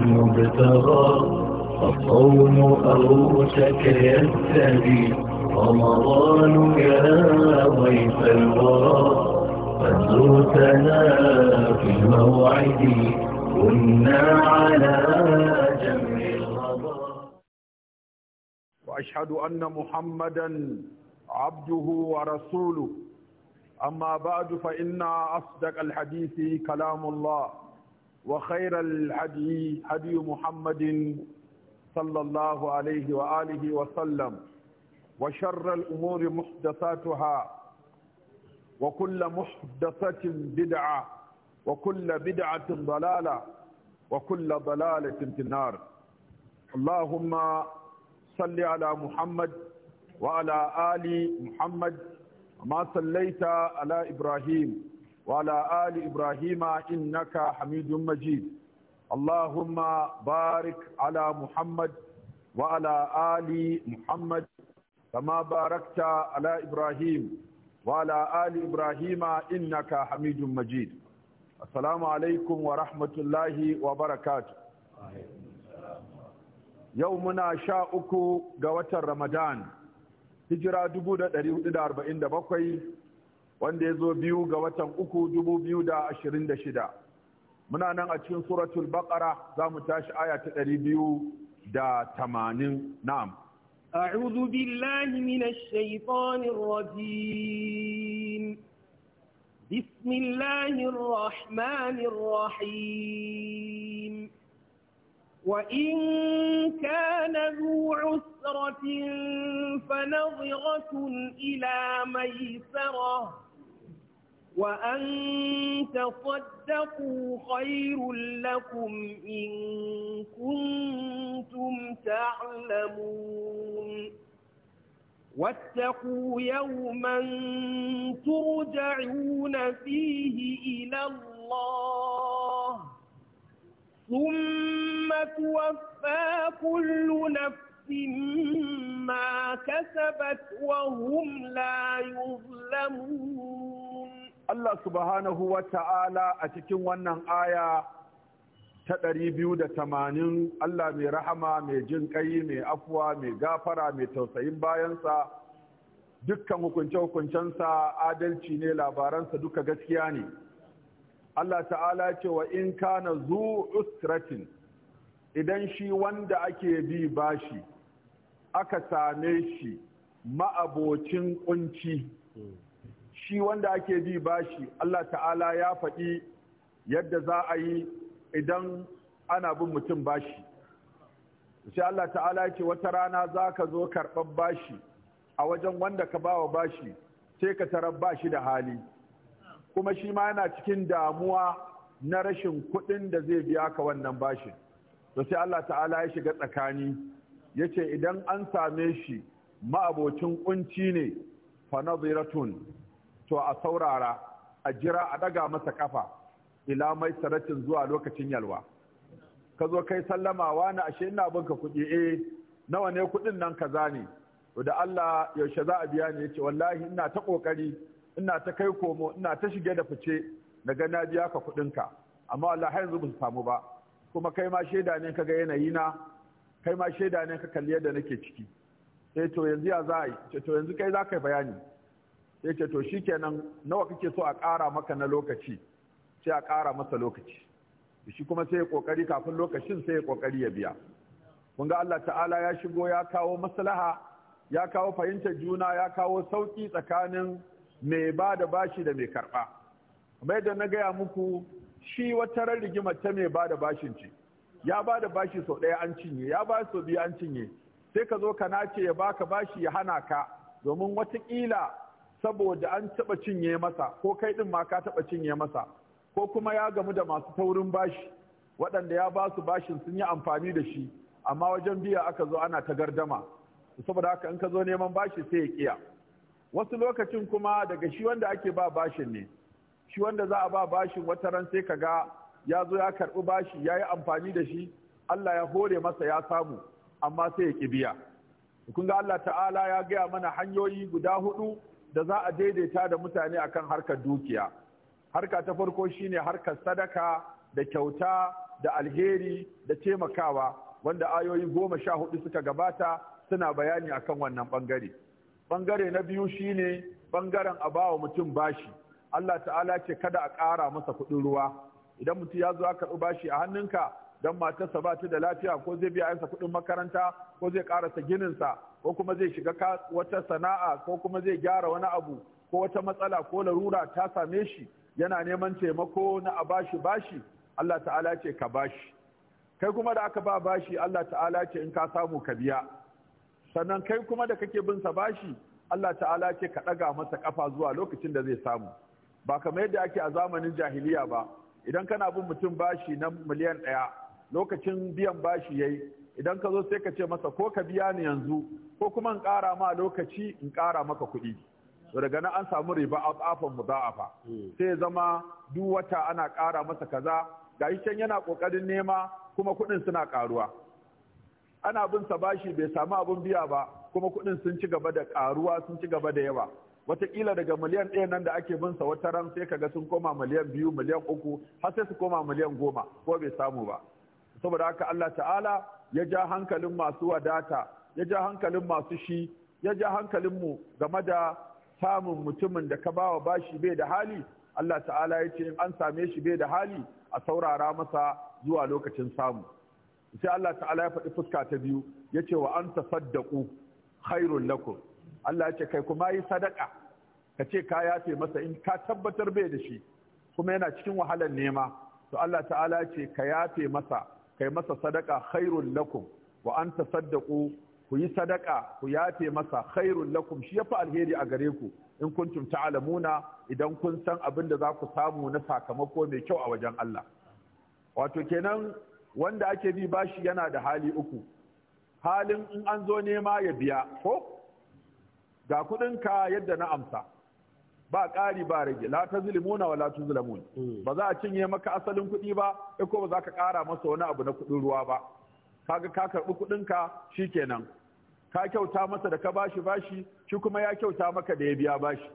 مبتغى الصوم أوشك يبتدي رمضان يا ضيف الورى قد زرتنا في الموعد كنا على جمع وأشهد أن محمدا عبده ورسوله أما بعد فإن أصدق الحديث كلام الله وخير الهدي هدي محمد صلى الله عليه وآله وسلم وشر الأمور محدثاتها وكل محدثة بدعة وكل بدعة ضلالة وكل ضلالة في النار اللهم صل على محمد وعلى آل محمد ما صليت على إبراهيم وعلى آل إبراهيم إنك حميد مجيد اللهم بارك على محمد وعلى آل محمد كما باركت على إبراهيم وعلى آل إبراهيم إنك حميد مجيد السلام عليكم ورحمة الله وبركاته يومنا شاءك قوة رمضان هجرة دبودة 447 wanda ya zo biyu ga watan uku dubu biyu da ashirin da shida muna nan a cikin suratul baqara za mu tashi aya ta ɗari biyu da tamanin na'am أعوذ بالله من الشيطان الرجيم بسم الله الرحمن الرحيم وإن كان ذو عسرة فنظرة إلى ميسرة وأن تصدقوا خير لكم إن كنتم تعلمون واتقوا يوما ترجعون فيه إلى الله ثم توفى كل نفس ما كسبت وهم لا يظلمون Allah subhanahu wa ta'ala a cikin wannan aya ta ɗari biyu da tamanin Allah mai rahama mai jin ƙai mai afuwa mai gafara mai tausayin bayansa dukkan hukunce-hukuncensa adalci ne labaransa duka gaskiya ne Allah ta'ala ce wa in kana zu usratin idan shi wanda ake bi bashi aka same shi ma'abocin kunci hmm. shi wanda ake bi bashi Allah ta'ala ya faɗi yadda za a yi idan ana bin mutum bashi sai Allah ta'ala ce wata rana za ka zo karɓar bashi a wajen wanda ka bawa bashi sai ka tarar shi da hali kuma shi ma yana cikin damuwa na rashin kuɗin da zai biya ka wannan bashin to sai Allah ta'ala ya shiga tsakani ya ce idan an same shi ma'abocin ƙunci ne fa naziratun to a saurara a jira a ɗaga masa kafa ila mai saratin zuwa lokacin yalwa ka zo kai sallama wa na ashe ina bin ka kuɗi eh nawa ne kuɗin nan kaza ne to da Allah yaushe za a biya ni yace wallahi ina ta kokari ina ta kai komo ina ta shige da fice na ga na biya ka kuɗin ka amma wallahi yanzu ba samu ba kuma kai ma shaida ne kaga yanayi na kai ma shaida ne ka kalli yadda nake ciki sai eh, to yanzu ya za a yi to yanzu kai za ka bayani sai ce to shikenan nawa kake so a ƙara maka na lokaci sai a ƙara masa lokaci shi kuma sai ya kokari kafin lokacin sai ya kokari ya biya kun ga Allah ta'ala ya shigo ya kawo maslaha ya kawo fahimtar juna ya kawo sauki tsakanin mai ba da bashi da mai karɓa. kamar da na gaya muku shi wata rigimar ta mai ba da bashin ce ya ba da bashi sau ɗaya an cinye ya ba sau biyu an cinye sai ka zo ka nace ya baka bashi ya hana ka domin watakila saboda an taɓa cinye masa ko kai ɗin ma ka taɓa cinye masa ko kuma ya gamu da masu taurin bashi waɗanda ya ba su bashin sun yi amfani da shi amma wajen biya aka zo ana ta gardama saboda haka in ka zo neman bashi sai ya kiya wasu lokacin kuma daga shi wanda ake ba bashin ne shi wanda za a ba bashin wata ran sai ka ga ya zo ya karɓi bashi ya yi amfani da shi Allah ya hore masa ya samu amma sai ya ƙi biya kun ga Allah ta'ala ya gaya mana hanyoyi guda hudu da za a daidaita da mutane akan harkar dukiya harka ta farko shine harkar sadaka da kyauta da alheri da taimakawa wanda ayoyi goma sha hudu suka gabata suna bayani akan wannan bangare bangare na biyu shine bangaren a bawa mutum bashi Allah ta'ala ce kada a ƙara masa kuɗin ruwa idan mutum ya zo aka bashi a hannunka don matarsa ba ta da lafiya ko zai biya yansa kuɗin makaranta ko zai ƙarasa gininsa ko kuma zai shiga wata sana'a ko kuma zai gyara wani abu ko wata matsala ko larura ta same shi yana neman taimako na a bashi bashi Allah ta'ala ce ka bashi kai kuma da aka ba bashi Allah ta'ala ce in ka samu ka biya sannan kai kuma da kake bin sa bashi Allah ta'ala ce ka ɗaga masa ƙafa zuwa lokacin da zai samu ba kamar yadda ake a zamanin jahiliya ba idan kana bin mutum bashi na miliyan ɗaya lokacin biyan bashi yayi idan ka zo sai ka ce masa ko ka biya ni yanzu ko kuma in ƙara ma lokaci in ƙara maka kuɗi to daga nan an samu riba a mu mudha'afa hmm. sai zama duk wata ana ƙara masa kaza ga can yana ƙoƙarin nema kuma kuɗin suna ƙaruwa ana bin sa bashi bai samu abin biya ba kuma kuɗin sun ci gaba da ƙaruwa sun ci gaba da yawa wataƙila daga miliyan ɗaya nan da ake bin sa wata ran sai kaga sun koma miliyan biyu miliyan uku har sai su koma miliyan goma ko bai samu ba saboda haka Allah ta'ala ya ja hankalin masu wadata ya ja hankalin masu shi ya ja hankalin mu game da samun mutumin da ka bawa bashi bai da hali Allah ta'ala ya ce in an same shi bai da hali a saurara masa zuwa lokacin samu sai Allah ta'ala ya faɗi fuska ta biyu ya ce wa an tafaddaku khairun lakum Allah ya ce kai kuma yi sadaka ka ce ka yafe masa in ka tabbatar bai da shi kuma yana cikin wahalar nema to Allah ta'ala ya ce ka yafe masa kai masa sadaka khairun lakum wa an tasaddaqu ku yi sadaka ku yafe masa khairun lakum shi yafi alheri a gare ku in kuntum ta'lamuna idan kun san abin da za ku samu na sakamako mai kyau a wajen Allah wato kenan wanda ake bi bashi yana da hali uku halin in an zo nema ya biya ko ga ka yadda na amsa ba ƙari ba rage la ta zilimuna wa tu hmm. ba za a cinye maka asalin kuɗi ba ko ba za ka ƙara masa wani abu na kuɗin ruwa ba kaga ka karɓi kuɗinka shikenan ka kyauta masa da ka bashi bashi shi kuma ya kyauta maka da ya biya bashi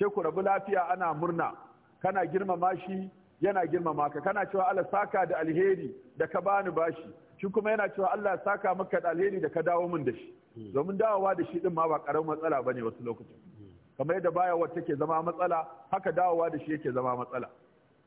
sai ku rabu lafiya ana murna kana girmama shi yana girmama ka kana cewa Allah saka da alheri da ka bani bashi shi kuma yana cewa Allah saka maka da alheri da ka dawo min da shi hmm. domin dawowa da shi din ma ba karamin matsala bane wasu lokutan kamar yadda bayarwar take zama matsala haka dawowa da shi yake zama matsala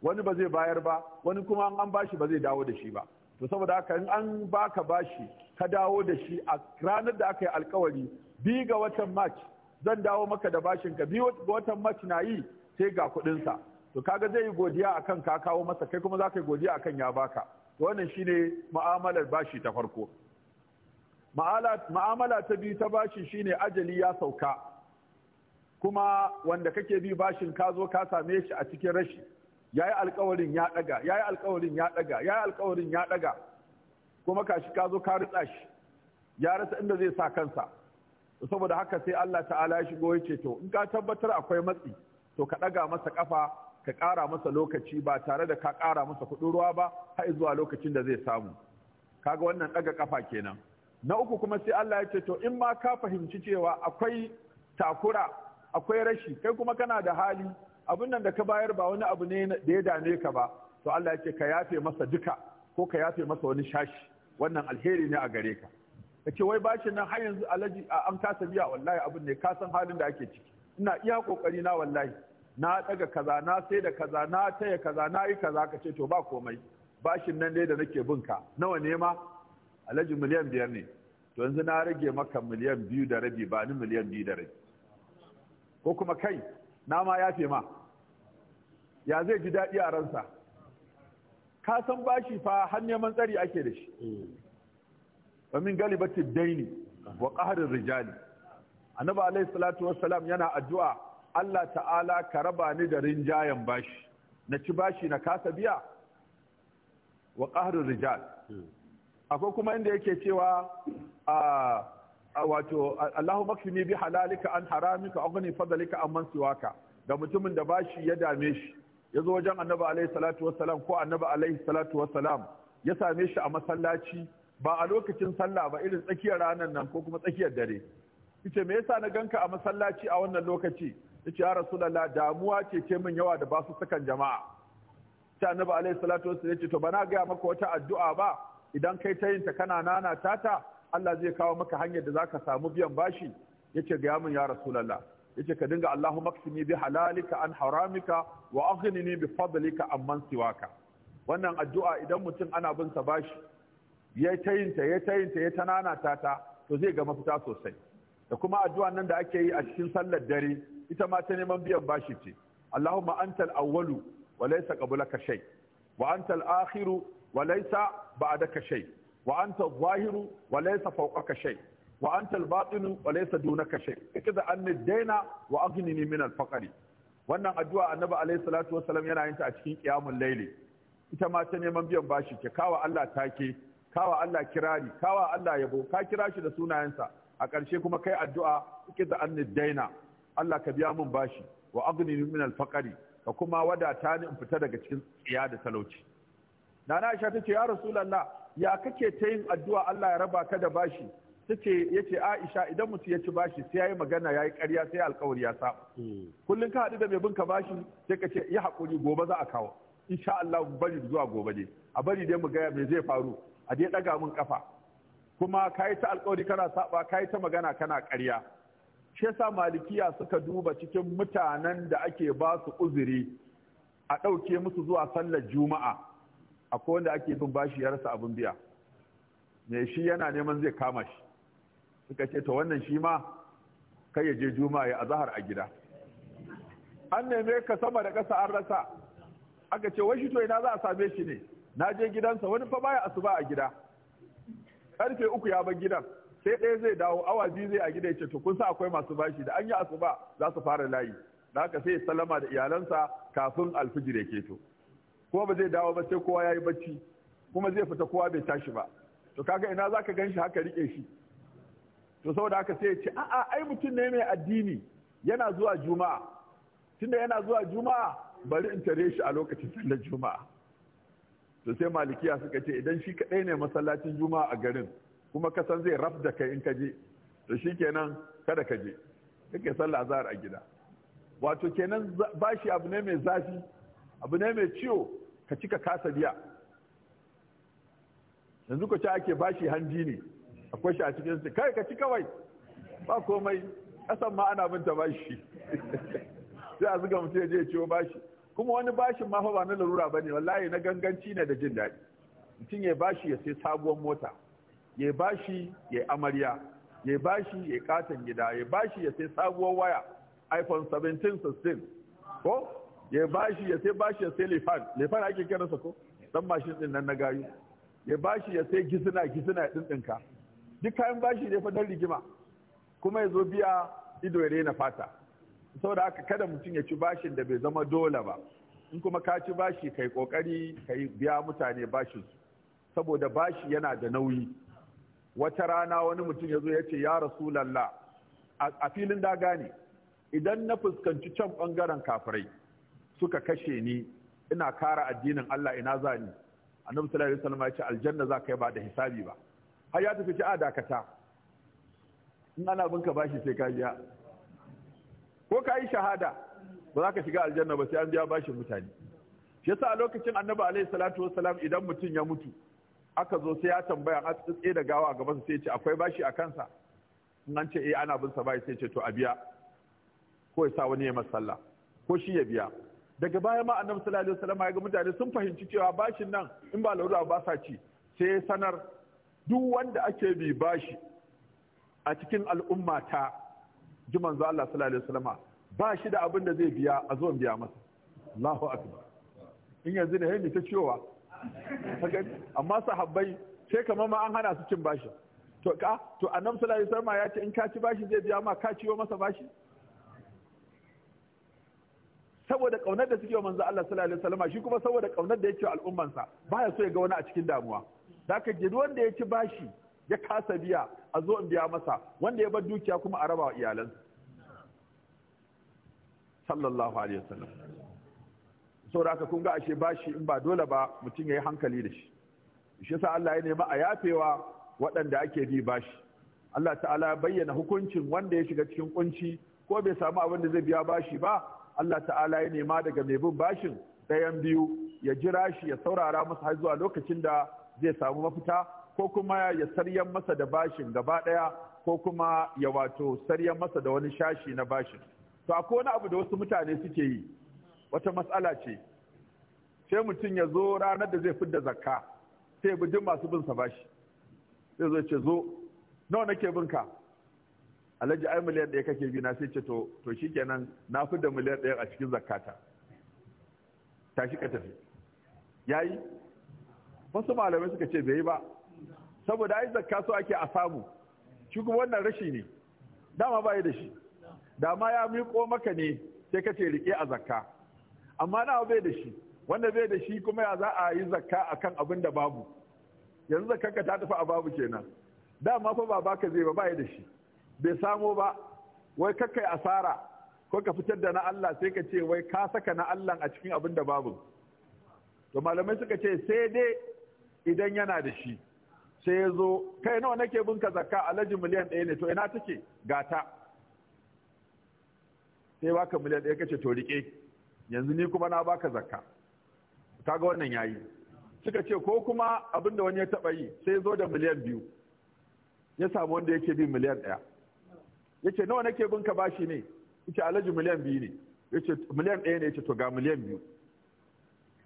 wani ba zai bayar ba wani kuma an bashi ba zai dawo da shi ba to saboda haka in an baka bashi ka dawo da shi a ranar da aka yi alkawari bi ga watan march zan dawo maka da bashin ka bi ga watan march na yi sai ga kuɗin sa to kaga zai yi godiya akan ka kawo masa kai kuma zaka ka yi godiya akan ya baka to wannan shine mu'amalar bashi ta farko mu'amala ta biyu ta bashi shine ajali ya sauka kuma wanda kake bi bashin ka zo ka same shi a cikin rashi ya yi alƙawarin ya daga yi alƙawarin ya daga yi alƙawarin ya daga kuma kashi ka zo ka ritsa shi ya rasa inda zai sa kansa saboda haka sai Allah ta'ala ya shigo ya ce to in ka tabbatar akwai matsi to ka daga masa kafa ka ƙara masa lokaci ba tare da ka ƙara masa kuɗin ruwa ba har zuwa lokacin da zai samu kaga wannan ɗaga kafa kenan na uku kuma sai Allah ya ce to in ma ka fahimci cewa akwai takura akwai rashi kai kuma kana da hali abin nan da ka bayar ba wani abu ne da ya dame ka ba to Allah ya ka yafe masa duka ko ka yafe masa wani shashi wannan alheri ne a gare ka ka ce wai bashin nan har yanzu alaji a an kasa biya wallahi abin ne ka san halin da ake ciki ina iya kokari na wallahi na daga kaza na sai da kaza na taya kaza na yi kaza ka to ba komai bashin nan dai da nake bin ka nawa ne ma alaji miliyan biyar ne to yanzu na rage maka miliyan biyu da rabi ba ni miliyan biyu da rabi ko kuma kai na ma yafe ma ya zai ji daɗi a ransa ka san bashi fa har neman tsari ake da shi domin galibati daini wa ƙaharin rijali annabi alai salatu wassalam yana addu'a Allah ta'ala ka raba ni da rinjayen bashi na ci bashi na kasa biya wa ƙaharin rijal hmm. akwai kuma inda yake cewa a ah, wato Allahu Biyu, bi halalika an haramika aghni fadlika amman siwaka da mutumin da bashi ya dame shi ya zo wajen annabi alaihi salatu wassalam ko annabi alaihi salatu wassalam ya same shi a masallaci ba a lokacin sallah ba irin tsakiyar ranar nan ko kuma tsakiyar dare yace me yasa na ganka a masallaci a wannan lokaci yace ya rasulullah damuwa ce ce min yawa da basu sakan jama'a ta annabi alaihi salatu wassalam yace to bana ga maka wata addu'a ba idan kai ta yin ta kana nana tata Allah zai kawo maka hanyar da zaka samu biyan bashi yace ga min ya rasulullah yace ka dinga Allahu maksimi bi halalika an haramika wa aghnini bi fadlika amman siwaka wannan addu'a idan mutum ana bin sa bashi ya tayinta ya tayinta ya tanana ta to zai ga mafita sosai da kuma addu'a nan da ake yi a cikin sallar dare ita ma ta neman biyan bashi ce Allahumma antal awwalu wa laysa qablaka shay wa antal akhiru wa laysa ba'daka shay wa anta adh-dhahiru wa laysa fawqaka shay wa anta al-batinu wa laysa dunaka shay daina wa aghnini min al-faqri wannan addu'a annabi alaihi salatu wasallam yana yin ta a cikin qiyamul layli ita ma ta neman biyan bashi ke kawa Allah take kawa Allah kirari kawa Allah yabo ka kira shi da sunayensa a ƙarshe kuma kai addu'a kaza anni daina Allah ka biya mun bashi wa aghnini min al-faqri ka kuma wadata ni in fita daga cikin tsiya da talauci nana Aisha tace ya Rasulullah ya kake ta yin addu'a Allah ya raba ka da bashi ya yace Aisha idan mutum ya ci bashi sai yayi magana yayi ƙarya sai alƙawari ya saba hmm. kullun ka haɗu da mai binka bashi sai ka ce ya haƙuri gobe za a kawo insha Allah bari zuwa gobe ne a bari dai mu ga me zai faru a dai daga mun kafa kuma kai ta alƙawari kana saba kai ta magana kana ƙarya shi yasa malikiya suka duba cikin mutanen da ake ba su uzuri a ɗauke musu zuwa sallar juma'a akwai wanda ake bin bashi ya rasa abin biya mai shi yana neman zai kama shi suka ce ta wannan shi ma kai ya je juma'a ya azahar a gida an neme ka sama da ƙasa an rasa aka ce washi shi to ina za a same shi ne na je gidansa wani fa baya asuba a gida karfe uku ya bar gidan sai ɗaya zai dawo awa biyu zai a gida ya ce to kun sa akwai masu bashi da an yi asuba za su fara layi da haka sai ya salama da iyalansa kafin alfijir ya keto kuma ba zai dawo ba sai kowa ya yi bacci kuma zai fita kowa bai tashi ba to kaga ina za ka gan shi haka rike shi to saboda haka sai ya ce a'a ai mutum ne mai addini yana zuwa juma'a tunda yana zuwa juma'a bari in tare shi a lokacin sallar juma'a to sai malikiya suka ce idan shi kaɗai ne masallacin juma'a a garin kuma ka san zai raf da kai in ka je to shi kenan kada ka je kake sallah azhar a gida wato kenan bashi abu ne mai zafi abu ne mai ciwo ka cika kasa biya yanzu ku ci ake bashi hanji ne akwai shi a cikin su kai ka ci kawai ba komai kasan ma ana binta bashi sai a zuga mutum ya je ciwo bashi kuma wani bashin ma fa ba na larura ba ne wallahi na ganganci ne da jin daɗi mutum ya bashi ya sai sabuwar mota ya bashi ya amarya ya bashi ya katon gida ya bashi ya sai sabuwar waya iphone 17 16 ko ya bashi ya sai bashi ya sai lefan lefan ake sa ko dan mashin din nan na gayu ya bashi ya sai gisina gisina ya ka duk kayan bashi ne fa dan rigima kuma ya zo biya ido ya rena fata saboda haka kada mutum ya ci bashin da bai zama dole ba in kuma ka ci bashi kai kokari kai biya mutane bashin saboda bashi yana da nauyi wata rana wani mutum yazo zo ya ce ya rasulallah a filin daga ne idan na fuskanci can bangaren kafirai suka kashe ni ina kara addinin Allah ina za ni annabi sallallahu alaihi wasallam ya ce aljanna za ka yi ba da hisabi ba har ya tafi ci a dakata in ana bin ka bashi sai ka biya ko ka yi shahada ba za ka shiga aljanna ba sai an biya bashin mutane shi yasa a lokacin annabi alaihi salatu wasalam idan mutum ya mutu aka zo sai ya tambaya a tsitse da gawa a sai sai ce akwai bashi a kansa in an ce eh ana bin sa bai sai ce to a biya ko ya sa wani ya masa ko shi ya biya daga baya ma annabi sallallahu alaihi wasallam ya ga mutane sun fahimci cewa bashin nan in ba larura ba sa ci sai sanar duk wanda ake bi bashi a cikin al'umma ta ji manzo Allah sallallahu alaihi wasallam ba shi da abin da zai biya a zuwan biya masa Allahu akbar in yanzu ne yayi ta cewa amma sahabbai sai kamar ma an hana su cin bashi to ka to annabi sallallahu alaihi wasallam ya ce in ka ci bashi zai biya ma ka ciwo masa bashi saboda kaunar da suke wa manzo Allah sallallahu alaihi wasallam shi kuma saboda kaunar da yake wa al'ummansa baya so ya ga wani a cikin damuwa zaka ji wanda ya ci bashi ya kasa biya a zo in biya masa wanda ya bar dukiya kuma a raba wa iyalansa sallallahu alaihi wasallam da haka kun ga ashe bashi in ba dole ba mutum ya yi hankali da shi shi yasa Allah ya nema a yafewa waɗanda ake bi bashi Allah ta'ala bayyana hukuncin wanda ya shiga cikin kunci ko bai samu abin da zai biya bashi ba Allah ta'ala ya nema daga mai bin bashin ɗayan biyu ya jira shi ya saurara masa har zuwa lokacin da zai samu mafita ko kuma ya saryan masa da bashin gaba ɗaya ko kuma ya wato saryan masa da wani shashi na bashin to akwai wani abu da wasu mutane suke yi wata matsala ce sai mutum ya zo ranar da zai fidda zakka sai bi duk masu bin sa bashi sai zo ce zo nawa nake bin ka alhaji ai miliyan ɗaya kake bi na sai ce to to shikenan na fi da miliyan ɗaya a cikin zakata tashi ka tafi yayi wasu malamai suka ce bai yi ba saboda ai zakka so ake a samu shi kuma wannan rashi ne dama bai da shi dama ya miƙo maka ne sai ka ce rike a zakka amma na bai da shi wanda bai da shi kuma ya za a yi zakka akan abin da babu yanzu zakka ka ta tafi a babu kenan dama fa ba ka zai ba bai da shi bai samo ba wai kakai asara ko ka fitar da na Allah sai ka ce wai ka saka na Allah a cikin abin da babu to malamai suka ce sai dai idan yana da shi sai ya zo kai nawa nake bin ka zakka alaji miliyan ɗaya ne to ina take gata sai baka miliyan ɗaya kace to rike yanzu ni kuma na baka zakka kaga wannan yayi suka ce ko kuma abin da wani ya taba yi sai zo da miliyan biyu ya samu wanda yake bi miliyan ɗaya Ya ce nawa nake bin ka bashi ne ce alhaji miliyan biyu ne Ya ce miliyan ɗaya ne Ya ce to ga miliyan biyu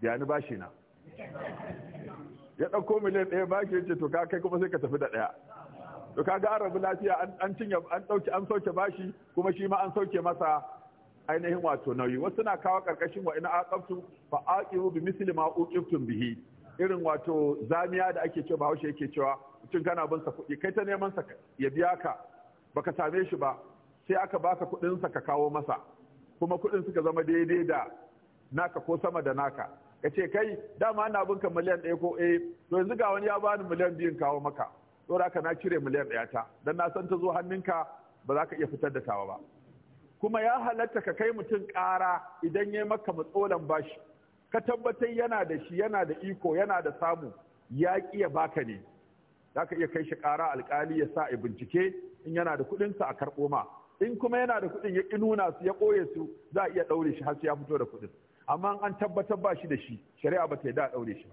ya ni bashi na ya ɗauko miliyan ɗaya bashi ce to ka kai kuma sai ka tafi da ɗaya to ka ga arabu lafiya an cinye an ɗauki an sauke bashi kuma shi ma an sauke masa ainihin wato nauyi wasu na kawo ƙarƙashin wa ina aqabtu fa aqibu bi misli ma uqibtum bihi irin wato zamiya da ake cewa bahaushe yake cewa mutum kana bin sa kuɗi kai ta neman sa ya biya ka baka same shi ba sai aka baka kuɗinsa sa ka kawo masa kuma kuɗin suka zama daidai da naka ko sama da naka ka ce kai dama ana bin ka miliyan ɗaya ko eh to yanzu ga wani ya bani miliyan biyun kawo maka to da na cire miliyan ɗaya ta dan na san ta zo hannunka ba za ka iya fitar da tawa ba kuma ya halatta ka kai mutum ƙara idan ya maka matsolan bashi ka tabbatar yana da shi yana da iko yana da samu ya ƙi ya baka ne za ka iya kai shi ƙara alƙali ya sa a bincike in yana da kuɗin sa a karɓo ma in kuma yana da kuɗin ya ƙi nuna su ya ɓoye su za a iya ɗaure shi har sai ya fito da kuɗin amma an tabbatar ba shi da shi shari'a ba ta yi da ɗaure shi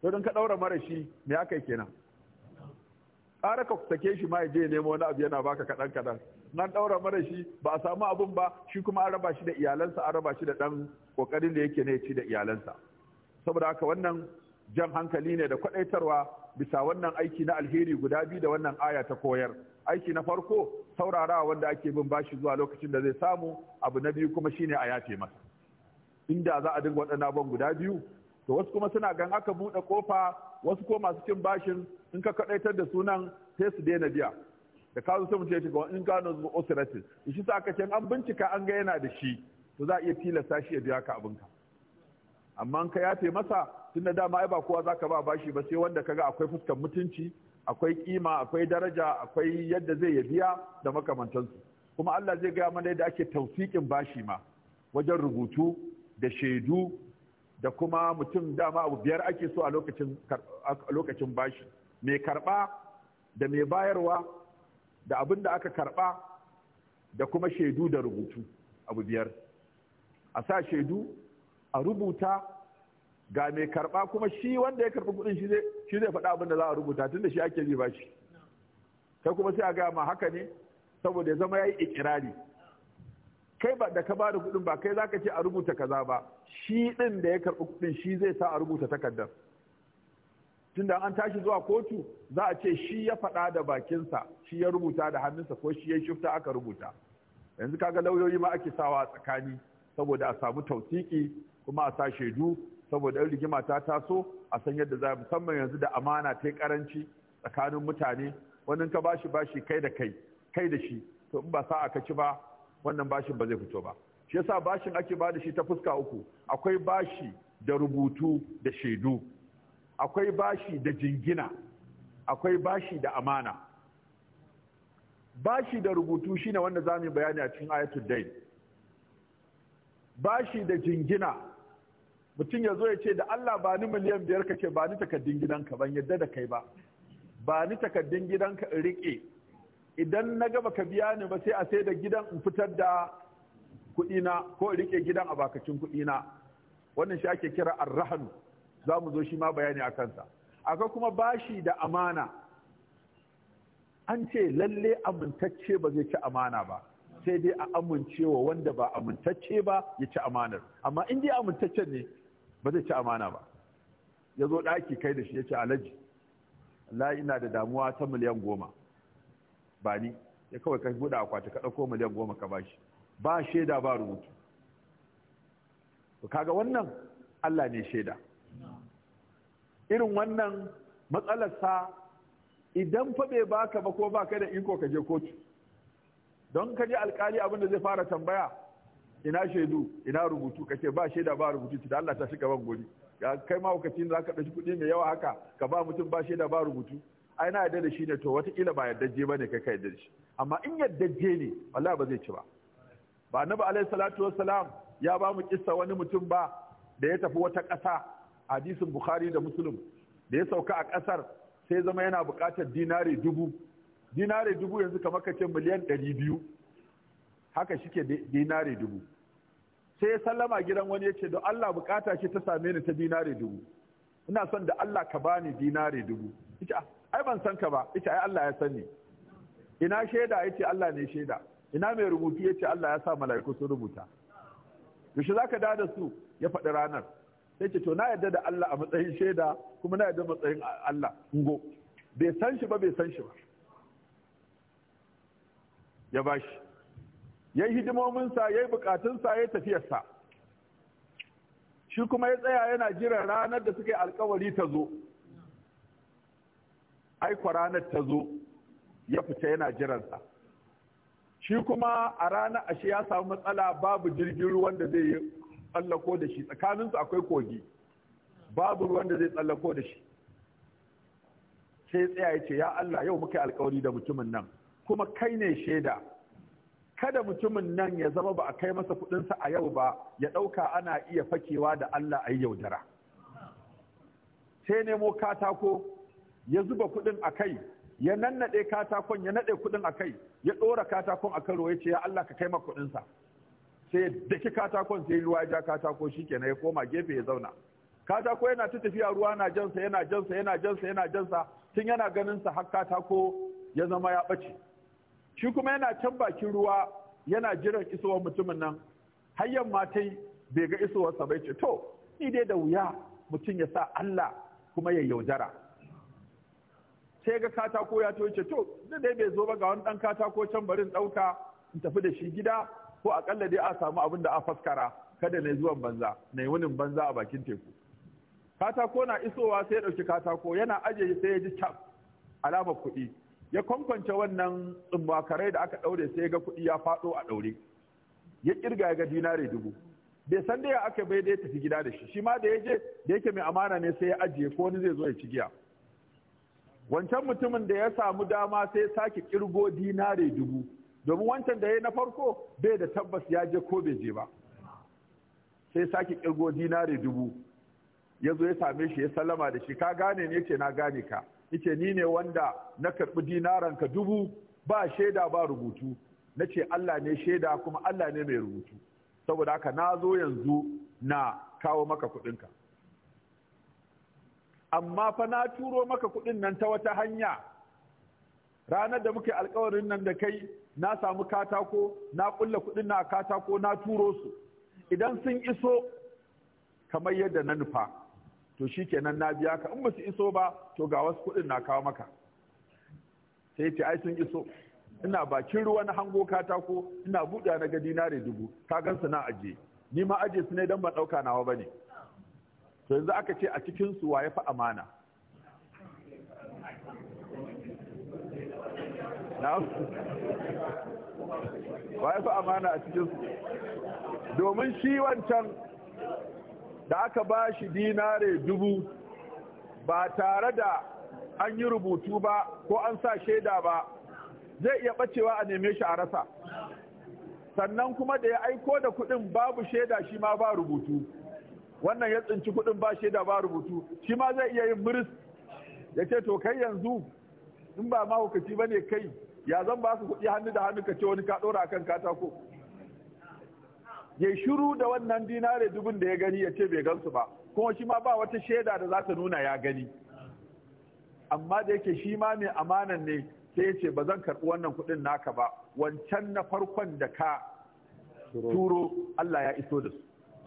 to don ka ɗaura mara shi me aka yi kenan ƙara ka sake shi ma ya je nemo wani abu yana baka kaɗan kaɗan an ɗaura mara shi ba a samu abun ba shi kuma an raba shi da iyalansa an raba shi da ɗan ƙoƙarin da yake ne ya ci da iyalansa saboda haka wannan jan hankali ne da kwaɗaitarwa bisa wannan aiki na alheri guda biyu da wannan aya ta koyar aiki na farko saurara wanda ake bin bashi zuwa lokacin da zai samu abu na biyu kuma shine a yafe masa inda za a dinga waɗannan abubuwan guda biyu to wasu kuma suna gan aka buɗe kofa wasu ko masu cin bashin in ka kaɗaitar da sunan sai su daina biya da ka zo sai mutum ya in in gano zuwa osiratin shi sa aka an bincika an ga yana da shi to za a iya tilasta shi ya biya ka abinka amma in ka yafe masa tunda dama ai ba kowa zaka ba bashi ba sai wanda kaga akwai fuskar mutunci akwai kima akwai daraja akwai yadda zai biya da makamantansu kuma Allah zai gaya mana yadda ake tausikin bashi ma wajen rubutu da shaidu da kuma mutum dama abu biyar ake so a lokacin lokacin bashi mai karba da mai bayarwa da abin da aka karba da kuma shaidu da rubutu abu biyar a sa shaidu a rubuta ga mai karba kuma shi wanda ya karbi kudin shi zai faɗa abin da za a rubuta da shi ake ba shi. kai kuma sai a gaya ma haka ne saboda ya zama ya yi ikirari kai ba da ka ba da kudin ba kai za ka ce a rubuta kaza ba shi ɗin da ya karbi kudin shi zai sa a rubuta takardar da an tashi zuwa kotu za a ce shi ya faɗa da bakinsa shi ya rubuta da hannunsa ko shi ya shifta aka rubuta yanzu kaga lauyoyi ma ake sawa a tsakani saboda a samu tausiki kuma a sa shaidu saboda in rigima ta taso a san yadda za musamman yanzu da amana ta karanci tsakanin mutane wannan ka bashi bashi kai da kai kai da shi to in ba sa aka ci ba wannan bashin ba zai fito ba shi yasa bashin ake ba da shi ta fuska uku akwai bashi da rubutu da shaidu akwai bashi da jingina akwai bashi da amana bashi da rubutu shine wanda za mu yi bayani a cikin ayatul dai bashi da jingina mutum ya zo ya ce da Allah ba ni miliyan biyar ka ce ba ni takaddun gidanka ban yadda da kai ba ba ni takaddun gidanka in riƙe idan na gaba ka biya ni ba sai a sai da gidan in fitar da kuɗina ko in riƙe gidan a bakacin kuɗina wannan shi ake kira arrahan za mu zo shi ma bayani a kansa akwai kuma bashi da amana an ce lalle amintacce ba zai ci amana ba sai dai a amincewa wanda ba amintacce ba ya ci amanar amma in dai amintaccen ne ba zai ci amana ba ya zo ɗaki kai da shi ya ce alaji la ina da damuwa ta miliyan goma ba ni ya kawai ka buɗe akwati ka ɗauko miliyan goma ka bashi ba shaida ba rubutu to kaga wannan Allah ne shaida irin wannan matsalarsa idan fa bai baka ba ko baka da iko ka je kotu don ka je alkali abin da zai fara tambaya ina shaidu ina rubutu kace ba shaida ba rubutu da Allah ta shiga ban gori kai ma lokacin da zaka ɗauki kudi mai yawa haka ka ba mutum ba shaida ba rubutu ai na yarda da shi ne to wata kila ba yadda ba bane kai ka yarda da amma in je ne wallahi ba zai ci ba ba annabi alaihi salatu wassalam ya ba mu kissa wani mutum ba da ya tafi wata ƙasa hadisin bukhari da muslim da ya sauka a ƙasar sai zama yana buƙatar dinari dubu dinari dubu yanzu kamar ka ce miliyan ɗari biyu haka shike dinari dubu sai ya sallama gidan wani ya ce don Allah bukata ce ta same ni ta dinare dubu ina son da Allah ka bani dinare dubu ita ah, ai ban san ka ba ita ai Allah ya ni ina shaida yace Allah ne shaida ina mai rubutu yace Allah ya sa mala'iku su rubuta yaushe zaka da da su ya faɗi ranar sai ce to na yarda da Allah a matsayin shaida kuma na yarda matsayin Allah ngo bai san shi ba bai san shi ba ya bashi ya yi hidimominsa ya yi bukatunsa ya yi tafiyarsa shi kuma ya tsaya yana jiran ranar da suka yi alkawari ta zo aikwa ranar ta zo ya fita yana jiransa shi kuma a ranar ashe ya samu matsala babu jirgin ruwan da zai tsallako da shi tsakaninsu akwai kogi babu ruwan da zai tsallako da shi sai tsaya ya ce ya Allah yau muka yi alkawari da mutumin nan kuma kai ne shaida kada mutumin nan ya zama ba a kai masa kuɗinsa a yau ba ya ɗauka ana iya fakewa da Allah a yaudara sai nemo katako ya zuba kuɗin a kai ya nannaɗe katakon ya naɗe kuɗin a kai ya ɗora katakon a karo ya ce ya Allah ka kai ma kuɗinsa sai daki katakon sai ruwa ya ja katako shikenan ya koma gefe ya zauna katako yana ta tafiya ruwa na jansa yana jansa yana jansa yana jansa tun yana ganin sa har katako ya zama ya ɓace shi kuma yana can bakin ruwa yana jiran isowar mutumin nan har matai bai ga isowarsa bai ce to ni dai da wuya mutum ya sa Allah kuma ya yaudara sai ga katako ya to ce to da dai bai zo ba ga wani dan katako can barin ɗauka in tafi da shi gida ko akalla dai a samu abin da a faskara kada na zuwan banza na yi wunin banza a bakin teku katako na isowa sai ya ɗauki katako yana ajiye sai ya ji cap alamar kuɗi ya kwankwance wannan tsumbakarai da aka ɗaure sai ga kuɗi ya faɗo a ɗaure ya kirga ya ga dinare dubu bai san da ya aka bai da ya tafi gida da shi shi ma da ya je da yake mai amana ne sai ya ajiye ko wani zai zo ya ci giya wancan mutumin da ya samu dama sai sake kirgo dinare dubu domin wancan da ya na farko bai da tabbas ya je ko bai je ba sai sake kirgo dinare dubu ya zo ya same shi ya sallama da shi ka gane ne ce na gane ka ce ni ne wanda na karɓi dinaran ka dubu ba shaida ba rubutu nace Allah ne shaida kuma Allah ne mai rubutu saboda haka na zo yanzu na kawo maka kuɗinka amma fa na turo maka kuɗin nan ta wata hanya ranar da muke alkawarin nan da kai na samu katako na ƙulla kuɗin na katako na turo su idan sun iso kamar yadda na nufa to shi kenan na biya ka in ba su iso ba to ga wasu kuɗin na kawo maka sai ce ai sun iso ina bakin ruwa na hango katako ina buɗe na ga dinare dubu ka gan su na aje ni ma aje su ne dan ban ɗauka nawa ba ne to yanzu aka ce a cikin su ya fa amana Wa ya fa amana a cikin su domin shi wancan da aka ba shi dinare dubu ba tare da an yi rubutu ba ko an sa shaida ba zai iya bacewa a neme shi a rasa sannan kuma da ya aiko da kudin babu shaida shi ma ba rubutu wannan ya tsinci kudin ba shaida ba rubutu shi ma zai iya yin muris ya ce to kai yanzu in ba mahaukaci ba ne kai ya zan ba su kuɗi hannu da hannu ka ce wani ka ɗora akan katako ya shiru da wannan dinare dubin da ya gani ya ce bai gansu ba kuma shi ma ba wata shaida da za ta nuna ya gani amma da yake shi ma mai amanan ne sai ya ce ba zan karɓi wannan kuɗin naka ba wancan na farkon da ka turo Allah ya iso da su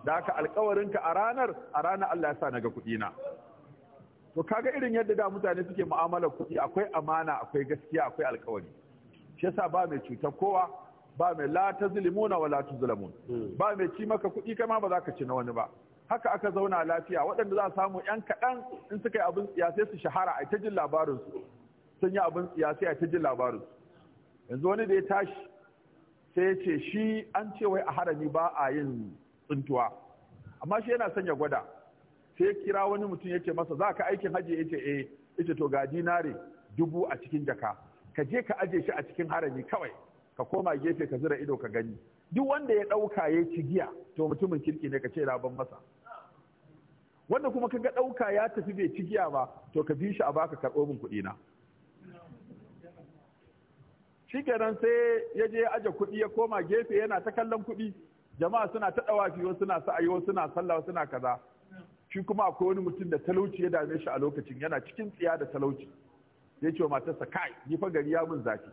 da haka alkawarinka a ranar a ranar Allah ya sa na ga kuɗina to kaga irin yadda da mutane suke mu'amalar kuɗi akwai amana akwai gaskiya akwai alkawari shi yasa ba mai cutar kowa ba mai la la wala zulamun hmm. ba mai ci maka kuɗi kai ma ba za ka ci na wani ba haka aka zauna lafiya waɗanda za a samu yan kaɗan in suka yi abin siyasai su shahara a ta jin labarin su sun yi abin siyasai a ta jin labarin su yanzu wani da ya tashi sai ya ce shi an ce wai a harami ba a yin tsintuwa amma shi yana son ya gwada sai ya kira wani mutum ya ce masa za ka aikin hajji ya ce eh ya ce to ga dinare dubu a cikin jaka ka je ka aje shi a cikin harami kawai ka koma gefe ka zira ido ka gani duk wanda ya ɗauka ya ci giya to mutumin kirki ne ka ce ban masa wanda kuma ka ga ɗauka ya tafi bai ci giya ba to ka bi shi a baka karɓo min kuɗi na shi kenan sai ya je ya aje kuɗi ya koma gefe yana ta kallon kuɗi jama'a suna ta ɗawafi wasu suna sa'ayi wasu suna sallah wasu suna kaza shi kuma akwai wani mutum da talauci ya dame shi a lokacin yana cikin tsiya da talauci ya ce wa matarsa kai ni fa gari ya mun zafi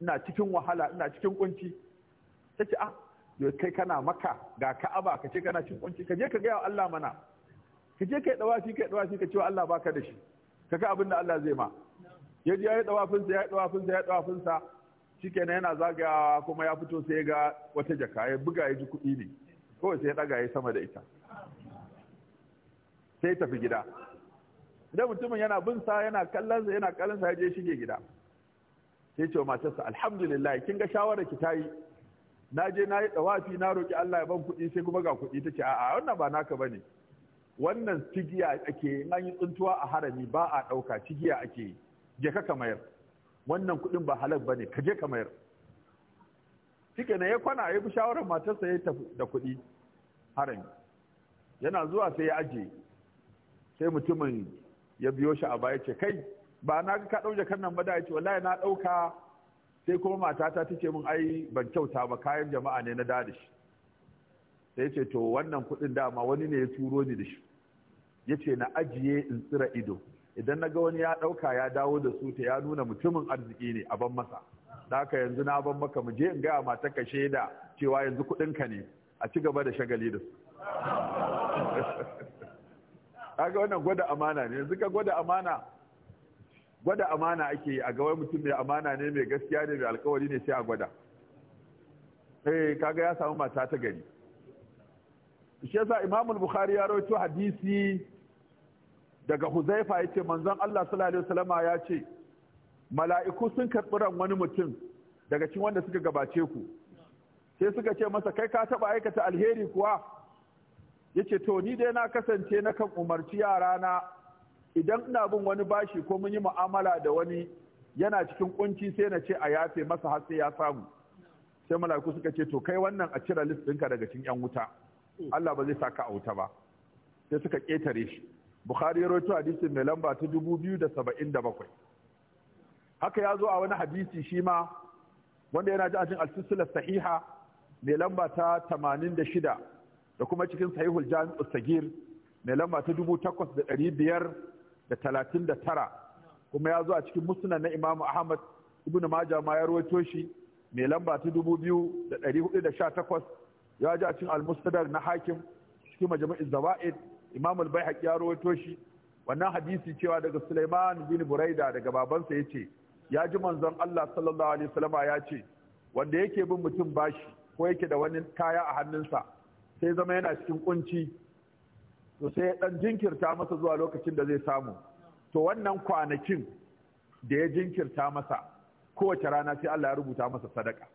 ina cikin wahala ina cikin kunci ta ce ah yau kai kana maka ga ka'aba ka ce kana cikin kunci ka je ka gaya wa Allah mana ka je kai dawafi yi dawafi ka ce wa Allah baka da shi ka ga abin da Allah zai ma ya ji ya yi dawafin sa ya yi dawafin sa ya yi dawafin sa shikenan yana zagayawa kuma ya fito sai ga wata jaka ya buga ya ji kuɗi ne kawai sai ya daga ya sama da ita sai tafi gida idan mutumin yana bin sa yana kallon sa yana kallon sa ya je shige gida sai ce wa matarsa alhamdulillah kin ga shawara ki tayi na je na yi dawafi na roki Allah ya ban kuɗi sai kuma ga kuɗi tace a'a wannan ba naka bane wannan cigiya ake yi an yi tsuntuwa a harami ba a ɗauka cigiya ake je ka mayar wannan kuɗin ba halak bane ka je ka mayar shike ne ya kwana ya bi shawarar matarsa ya tafi da kuɗi harami yana zuwa sai ya aje sai mutumin ya biyo shi a baya ce kai ba na ga ka ɗauke kan nan ba da ya ce wallahi na ɗauka sai kuma matata ta ce min ai ban kyauta ba kayan jama'a ne na dadi shi sai ce to wannan kuɗin dama wani ne ya turo ni da shi ya ce na ajiye in tsira ido idan na ga wani ya ɗauka ya dawo da su ta ya nuna mutumin arziki ne a ban masa da haka yanzu na ban maka mu je in gaya mata ka shaida cewa yanzu kuɗinka ne a ci gaba da shagali da su kaga wannan gwada amana ne yanzu ka gwada amana gwada amana ake yi a gawar mutum mai amana ne mai gaskiya ne mai alkawari ne sai a gwada eh kaga ya samu mata ta gari shi yasa Imam Bukhari ya rawaito hadisi daga Huzaifa yace manzon Allah sallallahu alaihi wasallama ya ce mala'iku sun karɓi ran wani mutum daga cikin wanda suka gabace ku sai suka ce masa kai ka taɓa aikata alheri kuwa yace to ni dai na kasance na kan umarci yarana idan ina bin wani bashi ko mun yi mu'amala da wani yana cikin kunci sai na ce a yafe masa har sai ya samu sai mala'iku suka ce to kai wannan a cire list ɗinka daga cikin yan wuta Allah ba zai saka a wuta ba sai suka ƙetare shi Bukhari ya rawaito hadisin mai lamba ta 2077 haka ya zo a wani hadisi shi ma wanda yana ji a cikin al sahiha mai lamba ta 86 da kuma cikin sahihul jami'us sagir mai lamba ta 8500 da talatin da tara kuma ya zo a cikin musnad na imamu ahmad ibn majah ma ya rawaito shi mai lamba ta dubu biyu da ɗari hudu da sha takwas ya ji a cikin almustadar na hakim cikin majami'in zawa'id imam al ya rawaito shi wannan hadisi cewa daga Sulaiman bin Buraida daga babansa ya ce. ya ji manzon Allah sallallahu alaihi wasallam ya ce wanda yake bin mutum bashi ko yake da wani kaya a hannunsa sai zama yana cikin kunci to sai dan jinkirta masa zuwa lokacin da zai samu to wannan kwanakin da ya jinkirta masa kowace rana sai Allah ya rubuta masa sadaka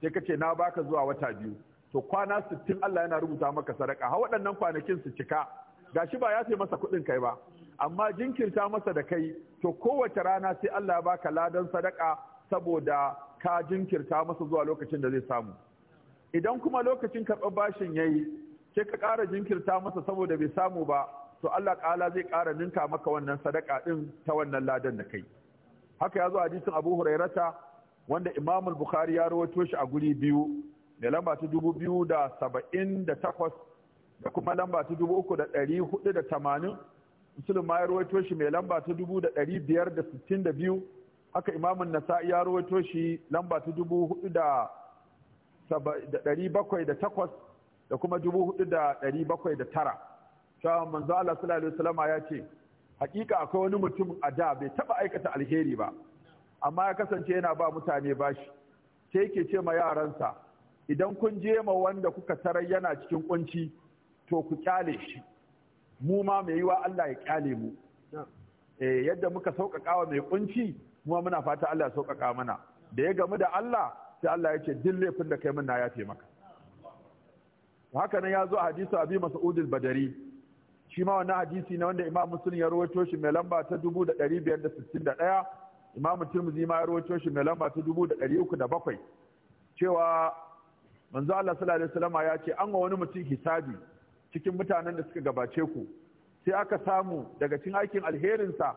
sai kace na baka zuwa wata biyu to kwana 60 Allah yana rubuta maka sadaka ha waɗannan kwanakin su cika ga shi ba ya sai masa kuɗin kai ba amma jinkirta masa da kai to kowace rana sai Allah ya baka ladan sadaka saboda ka jinkirta masa zuwa lokacin da zai samu idan kuma lokacin karɓar bashin yayi sai ka ƙara jinkirta masa saboda bai samu ba to Allah ƙala zai ƙara ninka maka wannan sadaka ɗin ta wannan ladan da kai haka ya zo hadisin Abu Hurairata wanda Imamul Bukhari ya rawaito shi a guri biyu da lamba ta dubu biyu da saba'in da takwas da kuma lamba ta dubu uku da ɗari hudu da tamanin musulun ma ya rawaito shi mai lamba ta dubu da ɗari biyar da sittin da biyu haka imamun nasa'i ya rawaito shi lamba ta dubu hudu da ɗari bakwai da takwas da kuma dubu hudu da dari bakwai da tara cewa manzo Allah sallallahu alaihi wasallam ya ce hakika akwai wani mutum a da bai taba aikata alheri ba amma ya kasance yana ba mutane bashi sai yake ce ma yaransa idan kun je ma wanda kuka tarar yana cikin kunci to ku kyale shi mu ma mai yiwa Allah ya kyale mu eh, yadda muka sauƙaƙa wa mai kunci kuma muna fata Allah ya sauƙaƙa mana da ya gamu da Allah sai Allah ya ce duk laifin da kai min na ya taimaka. haka ya zo a hadisu abi mas'ud badari shi ma wannan hadisi ne wanda imam muslim ya rawaito shi mai lamba ta 1561 imam tirmidhi ma ya rawaito shi mai lamba ta 1307 cewa manzo Allah sallallahu alaihi wasallam ya ce an wa wani mutum hisabi cikin mutanen da suka gabace ku sai aka samu daga cikin aikin alherin sa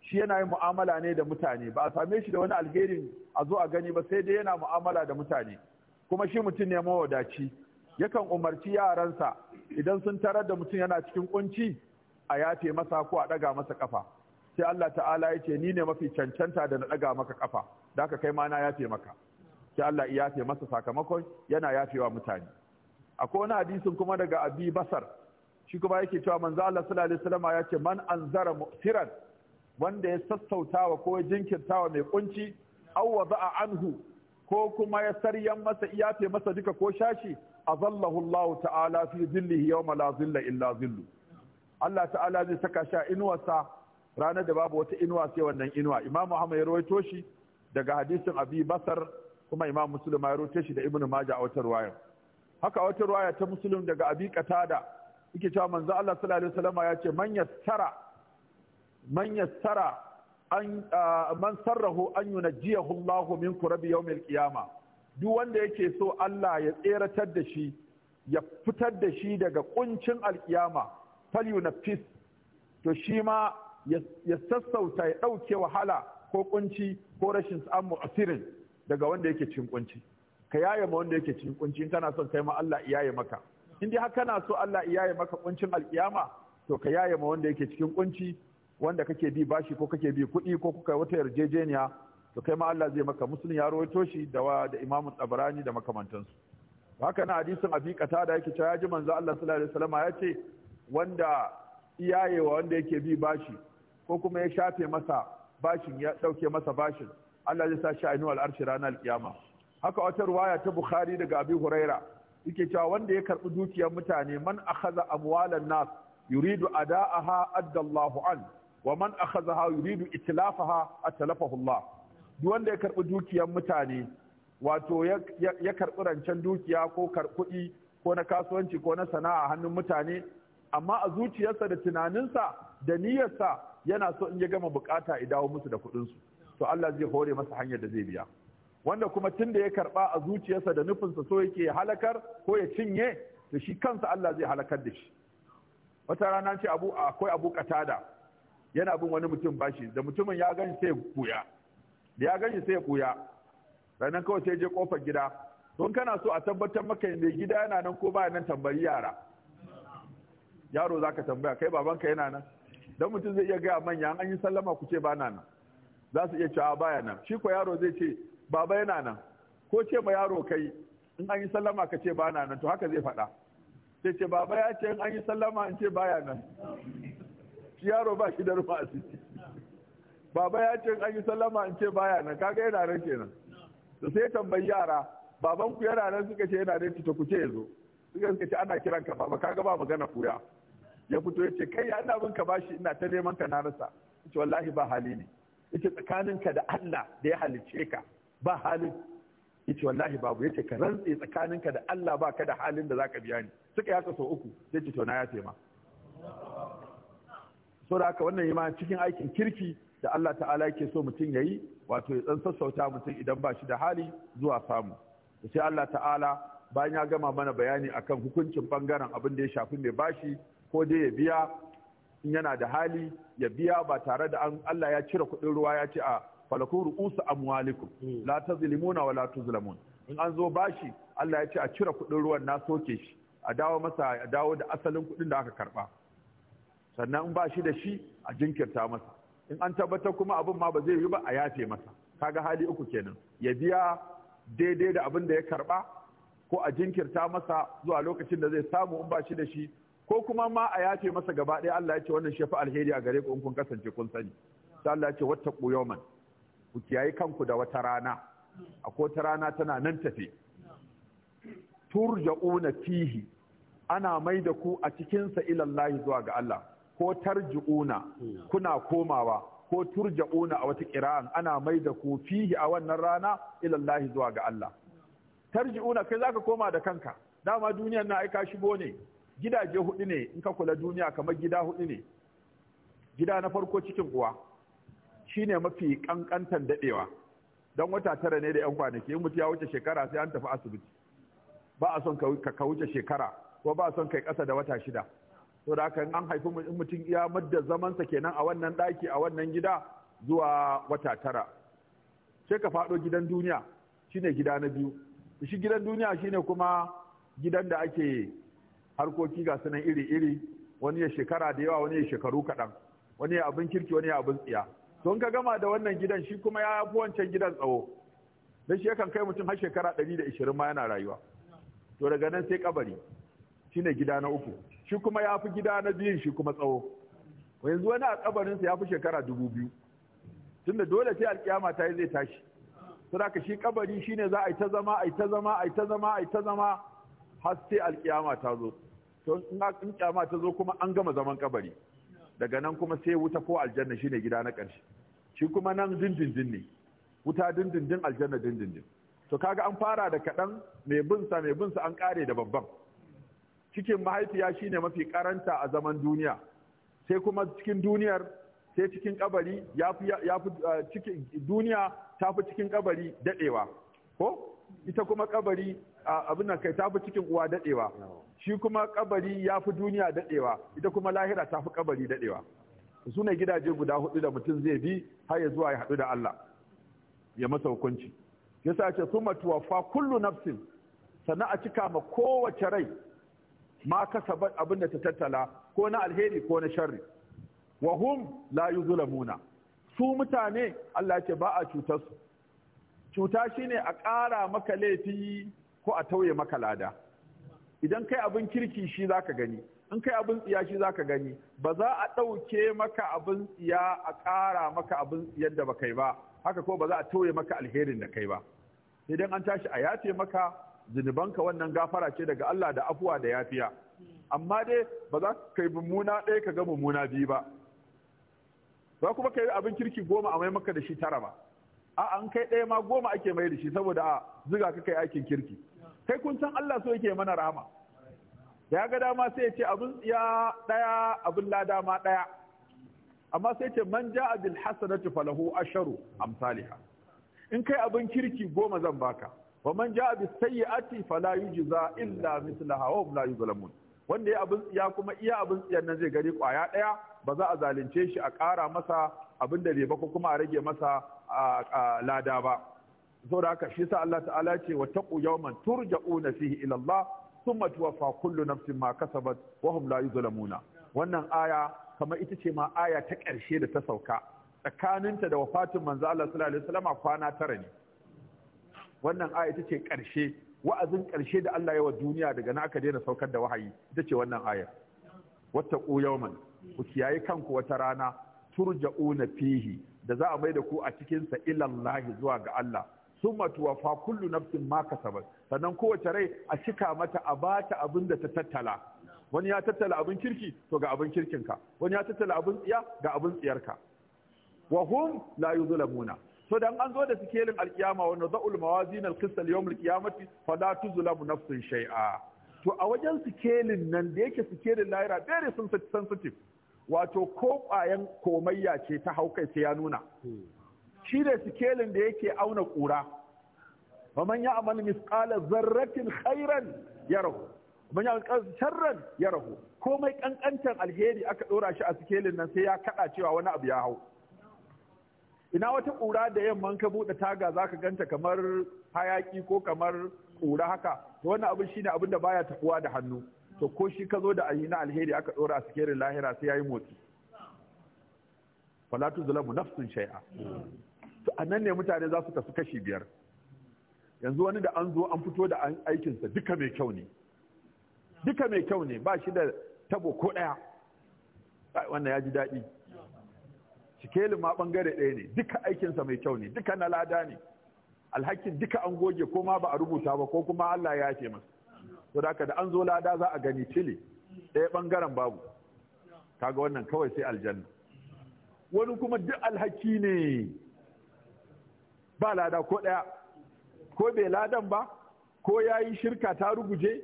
shi yana yin mu'amala ne da mutane ba a same shi da wani alherin a zo a gani ba sai dai yana mu'amala da mutane kuma shi mutum ne mawadaci yakan umarci yaransa idan sun tarar da mutum yana cikin kunci a yafe masa ko a ɗaga masa kafa sai Allah ta'ala ya ce ni ne mafi cancanta da na ɗaga maka kafa da ka kai ma na yafe maka sai Allah ya yafe masa sakamakon yana yafewa mutane akwai wani hadisin kuma daga abi basar shi kuma yake cewa manzo Allah sallallahu alaihi wasallam ya ce man anzara mu'tiran wanda ya sassautawa ko ya jinkirtawa mai kunci awwa ba'a anhu ko kuma ya sarya masa iyafe masa duka ko shashi azallahu Allah ta'ala fi zillihi yawma la zilla illa zillu Allah ta'ala zai saka sha inuwarsa ranar da babu wata inuwa sai wannan inuwa Imam Muhammad ya rawaito shi daga hadisin Abi Basar kuma Imam Muslim ya rawaito shi da Ibn Majah a wata waya. haka wata waya ta Muslim daga Abi Qatada yake cewa manzo Allah sallallahu alaihi wasallam ya ce man yassara man yassara an ah, man sarrahu an yunajjiyahu Allah min kurabi yawmil qiyamah duk wanda yake so Allah ya tseratar da shi ya fitar da shi daga kuncin alkiyama fis to shi ma ya sassauta ya ɗauke wahala ko kunci ko rashin samun asirin daga wanda yake cikin kunci ka yaye ma wanda yake cikin kunci kana son kai ma Allah iyaye maka in dai kana so Allah iyaye maka kuncin alkiyama to ka yaye ma wanda yake cikin kunci wanda kake bi bashi ko kake bi kuɗi ko kuka wata yarjejeniya to kai ma Allah zai maka musulun ya rawaito shi da wa da imamu tabarani da makamantansu haka na hadisin abi da yake cewa ji manzo Allah sallallahu alaihi wasallam ya ce wanda wa wanda yake bi bashi ko kuma ya shafe masa bashin ya dauke masa bashin Allah zai sa shi a inuwal arshi ranar kiyama haka wata ruwaya ta Bukhari daga Abi Huraira yake cewa wanda ya karbi dukiyar mutane man akhadha amwalan nas yuridu ada'aha addallahu an wa man akhadhaha yuridu itlafaha atlafahu Allah duk wanda ya karɓi dukiyar mutane wato ya karɓi rancen dukiya ko kuɗi ko na kasuwanci ko na sana'a hannun mutane amma a zuciyarsa da tunaninsa da niyyarsa yana so in ya gama bukata ya dawo musu da kuɗinsu to Allah zai hore masa hanyar da zai biya wanda kuma tun da ya karɓa a zuciyarsa da nufinsa so yake ya halakar ko ya cinye to shi kansa Allah zai halakar da shi wata rana ce abu akwai abu katada yana bin wani mutum bashi da mutumin ya gani sai buya ya ganshi sai ya kuya sannan kawai sai je kofar gida don kana so a tabbatar maka ne gida yana nan ko ba nan tambayi yara yaro za ka tambaya kai babanka yana nan Don mutum zai iya gaya manya an yi sallama ku ce ba na nan za su iya cewa baya nan shi ko yaro zai ce baba yana nan ko ce ma yaro kai in an yi sallama ka ce ba na nan to haka zai faɗa sai ce baba ya ce in an yi sallama in ce baya nan shi yaro ba shi da a ciki baba ya ce an yi sallama in ce baya nan kaga yana nan kenan to sai tambayi yara baban ku yana nan suka ce yana nan fita ku ce yazo suka suka ce ana kiran ka baba kaga ba magana kuya ya fito ce kai ya ina bin ka bashi ina ta neman ka na rasa ce wallahi ba hali ne yace tsakaninka da Allah da ya halicce ka ba halin yace wallahi babu yace ka rantse tsakaninka da Allah ba ka da halin da zaka biya ni suka yaka so uku yace to na ya tema saboda haka wannan yi ma cikin aikin kirki da Allah ta'ala yake so mutum ya yi wato ya ɗan sassauta mutum idan ba shi da hali zuwa samu da sai Allah ta'ala bayan ya gama mana bayani akan hukuncin bangaren abin da ya shafi mai bashi ko dai ya biya in yana da hali ya biya ba tare da an Allah ya cire kuɗin ruwa ya ce a falakun ru'usu amwalikum hmm. la tazlimuna wa la tuzlamun in an zo bashi Allah ya ce a cire kuɗin ruwan na soke shi a dawo masa a dawo da asalin kuɗin da aka karba sannan in ba shi da shi a jinkirta masa in an tabbatar kuma abin ma ba zai yi ba a yafe masa kaga hali uku kenan ya biya daidai da abin da ya karba ko a jinkirta masa zuwa lokacin da zai samu in ba shi da shi ko kuma ma a yafe masa gaba ɗaya Allah ya ce wannan shafi alheri a gare ku in kun kasance kun sani sai Allah ya ce wata yawman ku kiyayi kanku da wata rana A ko wata rana tana nan tafe turja'una fihi ana mai da ku a cikinsa ilallahi zuwa ga Allah ko tarji'una kuna komawa ko turja'una a wata kira'an ana mai da ku fihi a wannan rana ilallahi zuwa ga Allah tarji'una kai zaka koma da kanka dama duniyar na aika shigo ne gidaje hudu ne in ka kula duniya kamar gida hudu ne gida na farko cikin uwa shine mafi kankantan daɗewa. don wata tara ne da yan kwanaki in mutu ya wuce shekara sai an tafi asibiti ba a son ka wuce shekara ko ba a son kai kasa da wata shida to da kan an haifi mutum iya madda zamansa kenan a wannan daki a wannan gida zuwa wata tara sai ka faɗo gidan duniya shine gida na biyu shi gidan duniya shine kuma gidan da ake harkoki ga sunan iri-iri wani ya shekara da yawa wani ya shekaru kaɗan wani ya abin kirki wani ya abin tsiya to in ka gama da wannan gidan shi kuma ya fi wancan gidan tsawo dan shi yakan kai mutum har shekara ɗari da ishirin ma yana rayuwa to daga nan sai kabari shine gida na uku shi kuma ya fi gida na biyun shi kuma tsawo yanzu wani a kabarinsa ya fi shekara dubu biyu tunda dole sai alkiyama ta yi zai tashi saboda shi kabari shine za a yi ta zama a yi ta zama a yi ta zama a yi ta zama har sai alkiyama ta zo to in kyama ta zo kuma an gama zaman kabari daga nan kuma sai wuta ko aljanna shine gida na ƙarshe shi kuma nan dindindin ne wuta dindindin aljanna dindindin to kaga an fara da kaɗan mai binsa mai binsa an ƙare da babban cikin mahaifiya shine mafi karanta a zaman duniya sai kuma cikin duniyar sai cikin kabari ya fi eh, cikin duniya ta fi cikin kabari dadewa ko ita kuma kabari abin nan kai ta fi cikin uwa dadewa shi kuma kabari ya fi duniya dadewa ita kuma lahira ta fi kabari dadewa su ne gidaje guda hudu da mutum zai bi har ya zuwa ya haɗu da Allah ya masa hukunci yasa ce summa fa kullu nafsin Sana'a a cika ma kowace rai ma kasa abin da ta tattala ko na alheri ko na sharri wa hum la yuzlamuna su mutane Allah ce ba a cutar su cuta shine a ƙara maka laifi ko a tauye maka lada idan kai abin kirki shi zaka gani in kai abin tsiya shi zaka gani ba za a ɗauke maka abin tsiya a ƙara maka abin tsiyar da ba kai ba haka ko ba za a tauye maka alherin da kai ba idan an tashi a yace maka zunubanka wannan gafara ce daga Allah da afuwa da yafiya amma dai ba za ka yi mummuna ɗaya ka ga mummuna biyu ba za kuma ka yi abin kirki goma a maimaka da shi tara ba a an kai ɗaya ma goma ake mai da shi saboda a ziga ka kai aikin kirki kai kun san Allah so yake mana rahama ya ga dama sai ya ce abin ya ɗaya abin lada ma ɗaya amma sai ce man ja'a bil hasanatu falahu asharu amsaliha in kai abin kirki goma zan baka wa man ja'a bis fala yujza illa mislaha wa la yuzlamun wanda ya abin tsiya kuma iya abin tsiyan nan zai gani kwaya daya ba za a zalunce shi a kara masa abin da bai ba ko kuma a rage masa lada ba da haka shi sa Allah ta'ala ce wa taqu yawman turja'una fihi ila Allah thumma tuwaffa kullu nafsin ma kasabat wa hum la yuzlamuna wannan aya kamar ita ce ma aya ta ƙarshe da ta sauka tsakaninta da wafatin manzo Allah sallallahu alaihi wasallam kwana tara ne wannan aya ita ce ƙarshe wa'azin ƙarshe da Allah ya wa duniya daga na aka daina saukar da wahayi ita ce wannan ayar Wata yawman ku kiyaye kanku wata rana turja'una fihi da za a mai da ku a cikin sa ilallahi zuwa ga Allah summa fa kullu nafsin ma kasabat sannan kowace rai a cika mata a ba ta abin da ta tattala wani ya tattala abin kirki to ga abin kirkinka wani ya tattala abin tsiya ga abin tsiyarka wa hum la yuzlamuna so dan an zo da sikelin alkiyama wa nadha'ul mawazin alqist al-yawm alqiyamati fala tuzlamu nafsun shay'a to a wajen sikelin nan da yake sikelin sun very sensitive wato ko kwayan komayya ce ta haukai sai ya nuna shi ne sikelin da yake auna kura faman man ya'mal misqala zarratin khairan yarahu man ya sharran yarahu komai kankantan alheri aka dora shi a sikelin nan sai ya kada cewa wani abu ya hau ina wata ƙura da yamman ka buɗe taga za ka ganta kamar hayaƙi ko kamar ƙura haka to wannan abin shine abin da baya tafuwa da hannu to ko shi ka zo da ayi na alheri aka ɗora a sikerin lahira sai yayi motsi fala zalamu nafsun shay'a to anan ne mutane za su tafi kashi biyar yanzu wani da an zo an fito da aikinsa duka mai kyau ne duka mai kyau ne ba shi da tabo ko ɗaya wannan ya ji daɗi sikelin ma bangare ɗaya ne duka aikinsa mai kyau ne duka na lada ne alhakin duka an goge ko ma ba a rubuta ba ko kuma Allah ya ce masa to da da an zo lada za a gani cili ɗaya bangaren babu kaga wannan kawai sai aljanna wani kuma duk alhaki ne ba lada ko ɗaya ko bai ladan ba ko ya yi shirka ta ruguje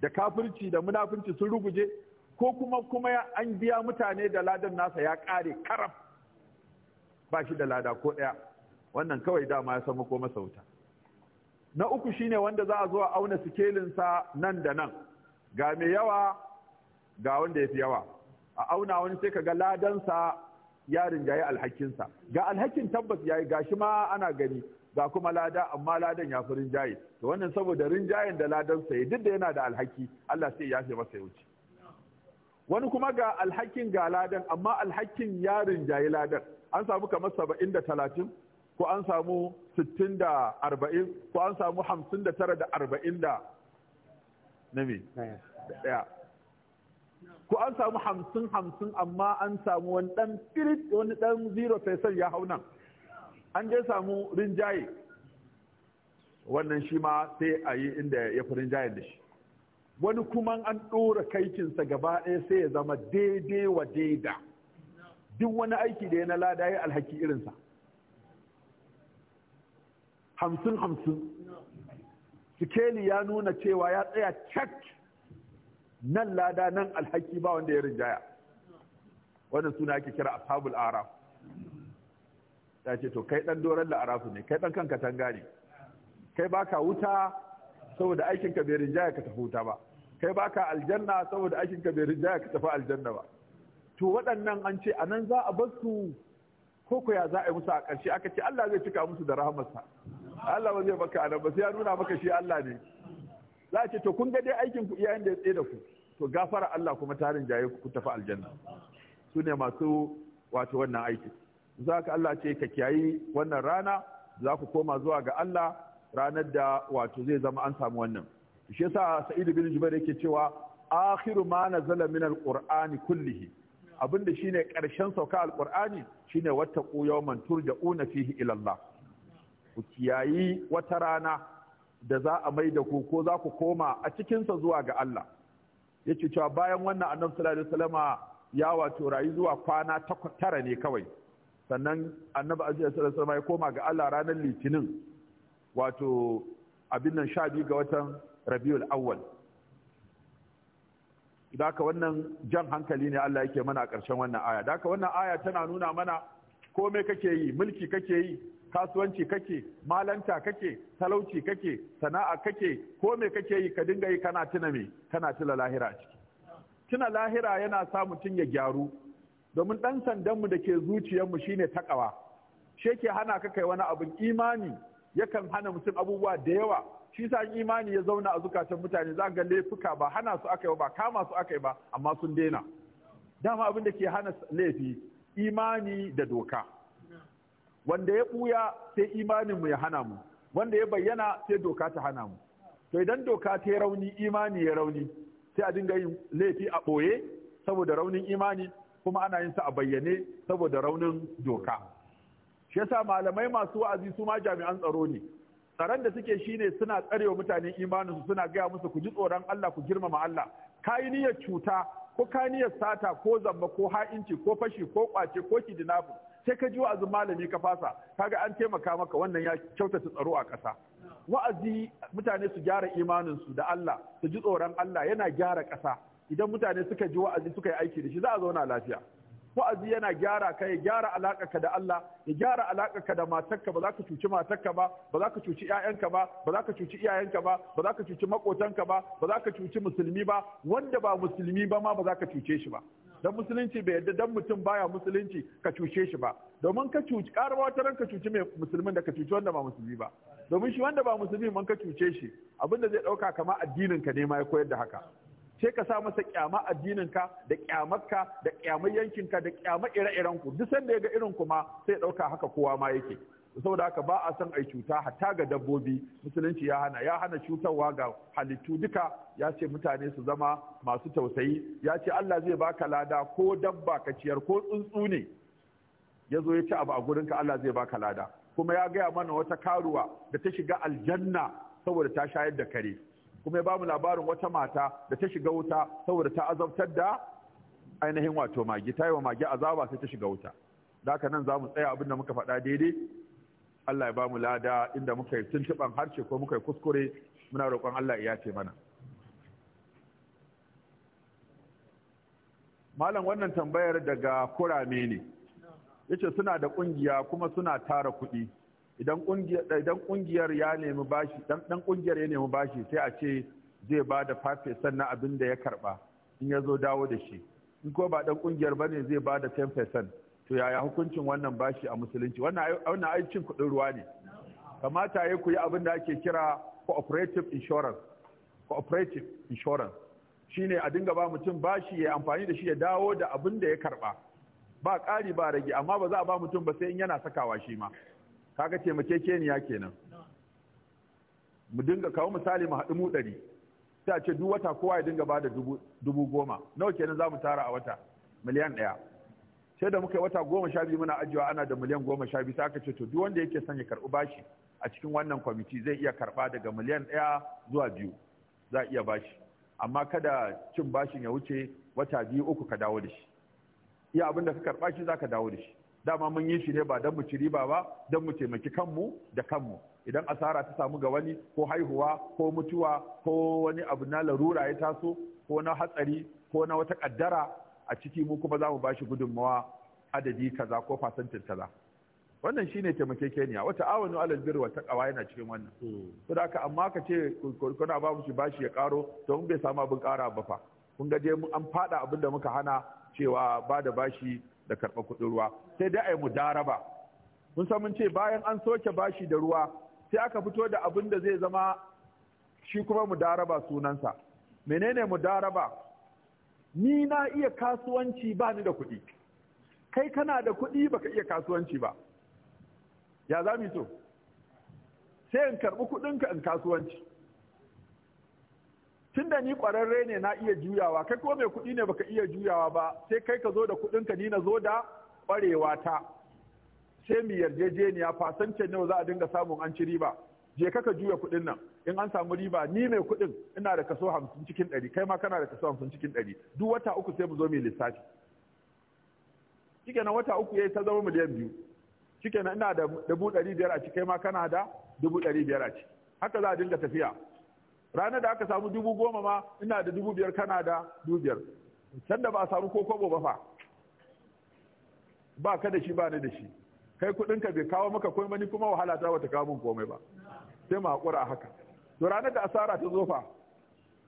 da kafirci da munafinci sun ruguje ko kuma kuma an biya mutane da ladan nasa ya ƙare karaf ba shi da lada ko ɗaya wannan kawai dama ya samu koma masa wuta na uku shine wanda za a zo a auna sikelinsa nan da nan ga mai yawa ga wanda ya fi yawa a auna wani sai ka ga ladansa ya rinjaye alhakinsa ga alhakin tabbas ya yi shi ma ana gani ga kuma lada amma ladan ya fi rinjaye to wannan saboda rinjayen da ladansa ya duk da yana da alhaki Allah sai ya fi masa ya wuce wani kuma ga alhakin ga ladan amma alhakin ya rinjaye ladan an samu kamar saba'in da talatin ko an samu sittin da arba'in ko an samu hamsin da tara da arba'in da nami me ɗaya ko an samu hamsin hamsin amma an samu wani ɗan firit wani ɗan zero fesar ya hau nan an je samu rinjaye wannan shi ma sai a yi inda ya fi rinjayen da shi wani kuma an ɗora kaikinsa gaba ɗaya sai ya zama daidai wa daida duk wani aiki da ya na lada ya alhaki irinsa hamsin hamsin sikeli ya nuna cewa ya tsaya cak nan lada nan alhaki ba wanda ya rinjaya wannan suna ake kira ashabul araf ta ce to kai dan doron la'arafu ne kai dan kanka katanga ne kai baka wuta saboda aikinka bai rinjaya ka tafi wuta ba kai baka aljanna saboda aikinka bai rinjaya ka tafi aljanna ba to waɗannan an ce a nan za a bar su ko ya za a yi musu a ƙarshe aka ce Allah zai cika musu da rahamarsa Allah ba zai baka anan ba sai ya nuna maka shi Allah ne za a ce to kun ga dai aikin ku iyayen da ya tsaye da ku to gafara Allah kuma tarin jaye ku tafi aljanna su ne masu wato wannan aikin za ka Allah ce ka kiyayi wannan rana za ku koma zuwa ga Allah ranar da wato zai zama an samu wannan shi yasa Sa'idu bin Jubair yake cewa akhiru ma nazala min alqur'ani kullihi Abin abinda shine ƙarshen sauka alqur'ani shine man turja una fihi ila Allah ku kiyayi wata rana da za a mai da ku ko za ku koma a cikinsa zuwa ga Allah yace cewa bayan wannan annabi sallallahu alaihi ya wato rayu zuwa kwana tara ne kawai sannan annabi wa sallallahu alaihi ya koma ga Allah ranar litinin wato abin nan sha biyu ga watan rabiul awwal daka wannan jan hankali ne Allah yake mana a ƙarshen wannan aya daka wannan aya tana nuna mana kome kake yi mulki kake yi kasuwanci kake malanta kake talauci kake sana'a kake kome kake yi ka dinga yi kana tuna me kana tuna lahira ciki tuna lahira yana sa mutum ya gyaru domin dan sandanmu da ke zuciyarmu shine takawa sheke hana ka kai wani abin imani yakan hana mutum abubuwa da yawa shi sa imani ya zauna a zukatan mutane za ga laifuka ba hana su aka yi ba kama su aka yi ba amma sun daina dama abin da ke hana laifi imani da doka wanda ya buya sai mu ya hana mu wanda ya bayyana sai doka ta hana mu to idan doka ta rauni imani ya rauni sai a dinga yin laifi a ɓoye saboda raunin imani kuma ana yin sa a bayyane saboda raunin doka shi yasa malamai masu wa'azi su ma jami'an tsaro ne tsaron da suke shine suna tsarewa mutane su suna gaya musu ku ji tsoron Allah ku girmama Allah ka niyyar cuta ko ka niyyar sata ko zamba ko ha'inci ko fashi ko kwace ko kidnapping sai ka ji wa'azin malami ka fasa kaga an taimaka maka wannan ya kyautata tsaro a ƙasa wa'azi mutane su gyara imaninsu da Allah su ji tsoron Allah yana gyara ƙasa idan mutane suka ji wa'azi suka yi aiki da shi za a zauna lafiya wa'azi yana gyara ka ya gyara ka da Allah ya gyara ka da matarka ba za ka cuci matarka ba ba za ka cuci ƴaƴanka ba ba za ka cuci iyayenka ba ba za ka cuci maƙotanka ba ba za ka cuci musulmi ba wanda ba musulmi ba ma ba za ka cuce shi ba dan musulunci bai yadda dan mutum baya musulunci ka cuce shi ba domin ka cuci ƙara wata ranka ka cuci mai musulmin da ka cuci wanda ba musulmi ba domin shi wanda ba musulmi man ka cuce shi abinda zai ɗauka kama addinin ka ne ma ya koyar da haka sai ka sa masa kyama addininka da kyamarka da kyamar yankinka da kyamar ire-iren ku duk sanda ya ga irin kuma sai ɗauka haka kowa ma yake saboda haka ba a san ai cuta hatta ga dabbobi musulunci ya hana ya hana cutarwa ga halittu duka ya ce mutane su zama masu tausayi ya ce Allah zai baka lada ko dabba ka ciyar ko tsuntsu ne ya zo ya ci abu a gurinka Allah zai baka lada kuma ya gaya mana wata karuwa da ta shiga aljanna saboda ta shayar da kare kuma ya bamu labarin wata mata da ta shiga wuta saboda ta azabtar da ainihin wato magi ta yi wa magi azaba sai ta shiga wuta da haka nan za mu tsaya abin da muka faɗa daidai Allah ya bamu lada inda muka yi tuntuɓan harshe ko muka yi kuskure muna roƙon Allah ya ce mana malam wannan tambayar daga kurame ne yace suna da ƙungiya kuma suna tara kuɗi idan ƙungiyar ya nemi bashi dan kungiyar ya nemi bashi sai a ce zai ba da 5% na abin da ya karba in ya zo dawo da shi in ko ba dan kungiyar ba zai ba da 10% to yaya hukuncin wannan bashi a musulunci wannan aikin kuɗin ruwa ne kamata ya ku yi abin da ake kira cooperative insurance cooperative insurance shine a dinga ba mutum bashi ya amfani da shi ya dawo da abin da ya karba ba ƙari ba rage amma ba za a ba mutum ba sai in yana sakawa shi ma kaga keniya kenan mu dinga kawo misali mu haɗu mu ɗari sai ce duk wata kowa ya dinga bada dubu goma nawa kenan za mu tara a wata miliyan ɗaya sai da muka yi wata goma sha biyu muna ajiyewa ana da miliyan goma sha biyu sai aka ce to duk wanda yake son ya karɓi bashi a cikin wannan kwamiti zai iya karɓa daga miliyan ɗaya zuwa biyu za a iya bashi amma kada cin bashin ya wuce wata biyu uku ka dawo da shi iya abin ka karɓa shi za ka dawo da shi dama mun yi shi ne ba don mu ci riba ba don mu taimaki kanmu da kanmu idan asara ta samu ga wani ko haihuwa ko mutuwa ko wani abu na larura ya taso ko na hatsari ko na wata kaddara a ciki mu kuma za mu bashi gudunmawa adadi kaza ko fasantin kaza wannan shine taimakekeniya wata awanu alal birri wata kawa yana cikin wannan to hmm. da haka amma ka ce kuna ba mu shi bashi ya karo to mun bai samu abin kara ba fa kun ga dai an fada abin da muka hana cewa ba da bashi da karɓar kuɗin ruwa sai dai a yi mudaraba mun san mun ce bayan an soke bashi da ruwa sai aka fito da abin da zai zama shi kuma mudaraba sunansa menene mudaraba ni na iya kasuwanci ba ni da kuɗi kai kana da kuɗi baka iya kasuwanci ba ya za mu to sai in karɓi kuɗinka in kasuwanci da ni kwararre ne na iya juyawa kai ko mai kuɗi ne baka iya juyawa ba sai kai ka zo da kuɗin ka ni na zo da ƙwarewa ta sai mu yarjejeniya fasance yau za a dinga samun an ci riba je ka ka juya kuɗin nan in an samu riba ni mai kuɗin ina da kaso hamsin cikin ɗari kai ma kana da kaso hamsin cikin ɗari duk wata uku sai mu zo mu lissafi shikenan wata uku yayi ta zama miliyan biyu shikenan ina da dubu ɗari biyar a ci kai ma kana da dubu ɗari biyar a ci haka za a dinga tafiya ranar da aka samu dubu goma ma ina da dubu biyar kana da dubu can da ba a samu ko kobo ba fa ba ka da shi ba ni da shi kai kudin ka bai kawo maka kuma ni kuma wahala ta bata kawo min komai ba sai mu hakura haka to ranar da asara ta zo fa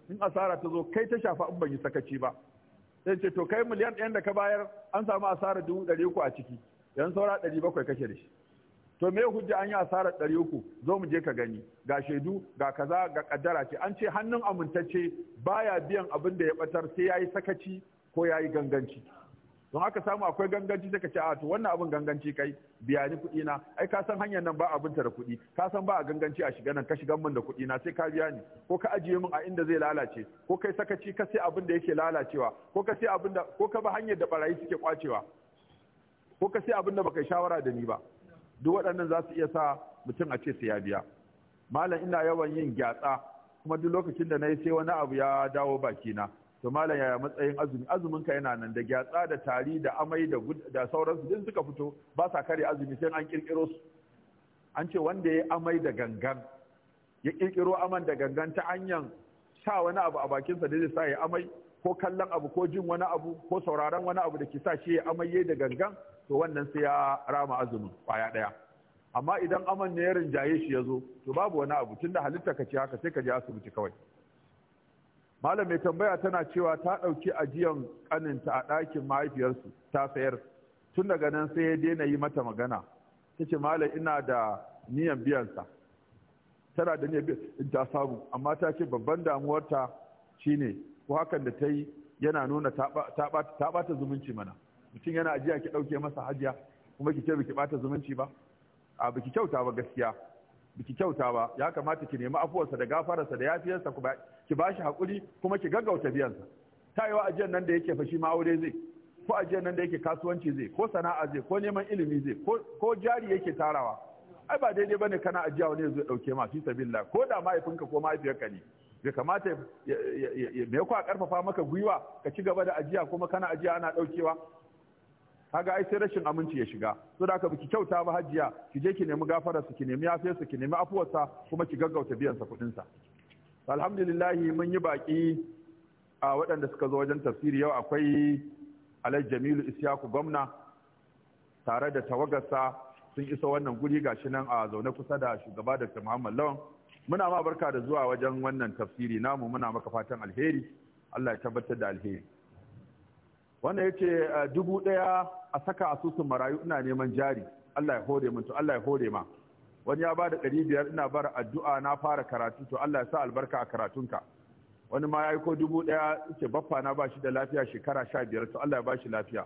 in asara ta zo kai ta shafa in ban yi sakaci ba sai ce to kai miliyan ɗayan da ka bayar an samu asara dubu ɗari uku a ciki yan saura ɗari bakwai kake da shi to me hujja an yi asarar ɗari uku zo mu je ka gani ga shaidu ga kaza ga kaddara ce an ce hannun amintacce baya biyan abin da ya batar sai ya yi sakaci ko ya yi ganganci don haka samu akwai ganganci sai ka ce a to wannan abin ganganci kai biya ni kuɗi na ai ka san hanyar nan ba abinta da kuɗi ka san ba a ganganci a shiga nan ka shiga min da kuɗi na sai ka biya ni ko ka ajiye min a inda zai lalace ko kai sakaci ka sai abin da yake lalacewa ko ka sai abin da ko ka ba hanyar da barayi suke kwacewa ko ka sai abin da baka yi shawara da ni ba duk waɗannan za su iya sa mutum a ce ya biya malam ina yawan yin gyatsa kuma duk lokacin da na yi sai wani abu ya dawo bakina to malam yaya matsayin azumi azumin ka yana nan da gyatsa da tari da amai da da sauransu duk suka fito ba sa kare azumi sai an kirkiro su an ce wanda ya amai da gangan ya kirkiro aman da gangan ta hanyar sa wani abu a bakinsa da zai sa ya amai ko kallon abu ko jin wani abu ko sauraron wani abu da ke sa shi ya amai da gangan to wannan sai ya rama azumin kwaya ɗaya. amma idan aman ne ya rinjaye shi ya zo to babu wani abu Tun da halitta ka ce haka sai ka je asibiti kawai malam mai tambaya tana cewa ta ɗauki ajiyan ƙaninta a ɗakin mahaifiyarsu ta sayar tun daga nan sai ya daina yi mata magana ta ce malam ina da niyan biyansa tana da niyan biyan ta samu amma ta ce babban damuwarta shine ko hakan da ta yi yana nuna ta ɓata zumunci mana mutum yana ajiya ki ɗauke masa hajiya kuma ki ce biki ɓata zumunci ba a biki kyauta ba gaskiya biki kyauta ba ya kamata ki nemi afuwarsa da gafararsa da yafiyarsa ki bashi hakuri kuma ki gaggauta biyansa ta yiwa ajiyar nan da yake fashi ma aure zai ko ajiyar nan da yake kasuwanci zai ko sana'a zai ko neman ilimi zai ko jari yake tarawa ai ba daidai bane kana ajiya wani zai ɗauke ma fi sabilillah ko da mahaifinka ko mahaifiyarka ne bai kamata me ko a karfafa maka gwiwa ka ci gaba da ajiya kuma kana ajiya ana daukewa kaga ai sai rashin aminci ya shiga so da aka biki kyauta ba hajiya ki je ki nemi gafarar ki nemi yafiyar ki nemi afuwarsa kuma ki gaggauta biyan sa kuɗin sa alhamdulillah mun yi baki a waɗanda suka zo wajen tafsiri yau akwai Alhaji Jamilu Isyaku gwamna tare da tawagarsa sun isa wannan guri gashi nan a zaune kusa da shugaba Dr. Muhammad Lawan muna ma barka da zuwa wajen wannan tafsiri namu muna maka fatan alheri Allah ya tabbatar da alheri wanda ya ce dubu ɗaya a saka asusun marayu ina neman jari Allah ya hore min to Allah ya hore ma wani ya bada ɗari biyar ina bar addu'a na fara karatu to Allah ya sa albarka a karatunka wani ma ya yi ko dubu ɗaya ce baffa na ba shi da lafiya shekara sha biyar to Allah ya ba shi lafiya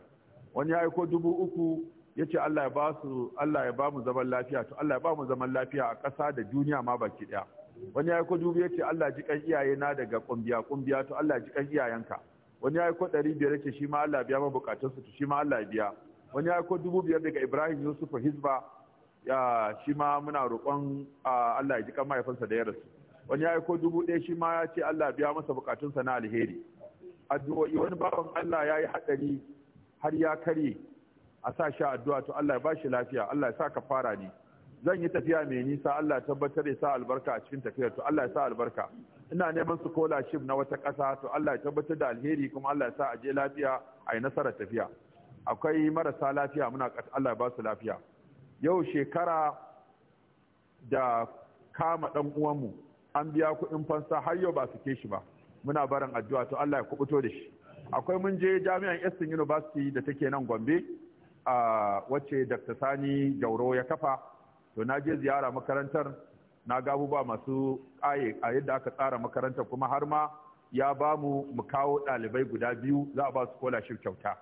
wani ya yi ko dubu uku ya ce Allah ya ba su Allah ya ba mu zaman lafiya to Allah ya ba mu zaman lafiya a ƙasa da duniya ma baki ɗaya wani ya yi ko dubu ya ce Allah ji kan iyaye na daga kumbiya kumbiya to Allah ji kan iyayenka wani ya yi ko ɗari biyar yake shi ma Allah biya ma bukatunsa to shi ma Allah biya wani ya yi ko dubu biyar daga Ibrahim Yusuf Hizba ya shi ma muna roƙon Allah ya ji kan mahaifinsa da ya rasu wani ya yi ko dubu ɗaya shi ma ya ce Allah biya masa bukatunsa na alheri addu'o'i wani baban Allah ya yi haɗari har ya karye a sa shi addu'a to Allah ya ba shi lafiya Allah ya sa ka fara ni zan yi tafiya mai nisa Allah ya tabbatar ya sa albarka a cikin tafiyar to Allah ya sa albarka ina neman scholarship na wata ƙasa to Allah ya tabbatar da alheri kuma Allah ya sa a je lafiya a yi nasarar tafiya akwai marasa lafiya muna Allah ya ba su lafiya yau shekara da kama ɗan uwanmu an biya kuɗin fansa har yau ba su ke shi ba muna barin addu'a to Allah ya kubuto da shi akwai mun je jami'an Eastern University da take nan Gombe a wacce Dr. Sani Jauro ya kafa to na je ziyara makarantar na ga abubuwa masu kaye a yadda aka tsara makaranta kuma har ma ya ba mu mu kawo ɗalibai guda biyu za a ba su scholarship kyauta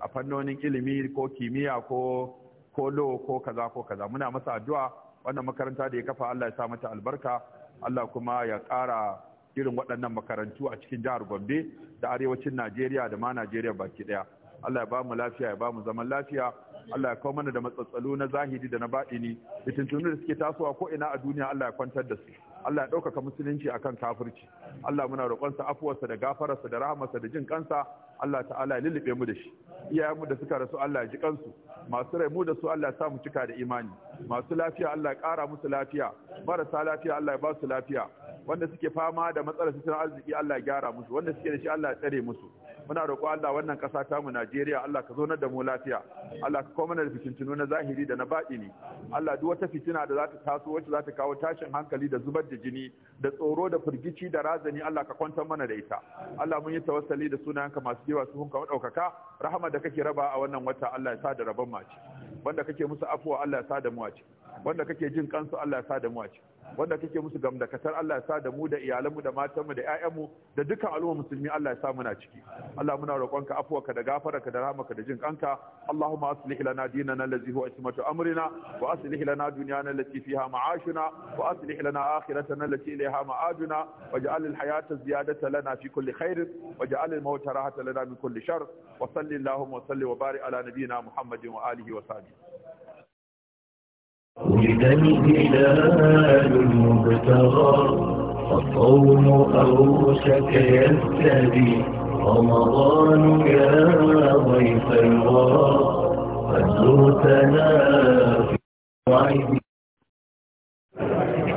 a fannonin ilimi ko kimiyya ko kolo lo ko kaza ko kaza muna masa addu'a wannan makaranta da ya kafa Allah ya sa mata albarka Allah kuma ya ƙara irin waɗannan makarantu a cikin jihar Gombe da arewacin Najeriya da ma Najeriya baki ɗaya Allah ya ba mu lafiya ya ba mu zaman lafiya Allah ya kawo mana da matsatsalo na zahiri da na baɗini fitintunu da suke tasowa ko ina a duniya Allah ya kwantar da su Allah ya ɗaukaka musulunci akan kafirci Allah muna roƙonsa afuwarsa da gafararsa da rahamarsa da jin kansa Allah ta'ala ya lulluɓe mu da shi iyayenmu da suka rasu Allah ya ji kansu masu rai mu da su Allah ya sa mu cika da imani masu lafiya Allah ya ƙara musu lafiya marasa lafiya Allah ya ba su lafiya wanda suke fama da matsalar tattalin arziki Allah ya gyara musu wanda suke da shi Allah ya tsare musu muna roƙo Allah wannan ƙasa ta mu Najeriya Allah ka zo na da mu lafiya Allah ka koma da fitintunu na zahiri da na baɗini Allah duk wata fitina da za ta taso wacce za ta kawo tashin hankali da zubar da jini da tsoro da firgici da razani Allah ka kwantar mana da ita Allah mun yi tawassali da ka masu yawa su hunka ɗaukaka rahama da kake raba a wannan wata Allah ya sa da rabon mace wanda kake musu afuwa Allah ya sa da mu wanda kake jin kansu Allah ya sa da mu wanda kake musu gamdakatar Allah ya sa da mu da iyalanmu da matanmu da ƴaƴanmu da dukkan al'umma musulmi Allah ya sa muna ciki Allah muna roƙonka afuwarka da gafaraka da rahmaka da jin kanka Allahumma aslih lana dinana allazi huwa ismatu amrina wa aslih lana dunyana allati fiha ma'ashuna wa aslih lana akhiratana allati ilayha ma'aduna waj'al al-hayata ziyadatan lana fi kulli khair waj'al al-mauta rahatan lana min kulli shar wa salli wa wa barik ala nabiyyina Muhammadin wa alihi wa sahbihi ولدني بلال المبتغى فالصوم يبتدي رمضان يا ضيف الورى قد زرتنا في وعدي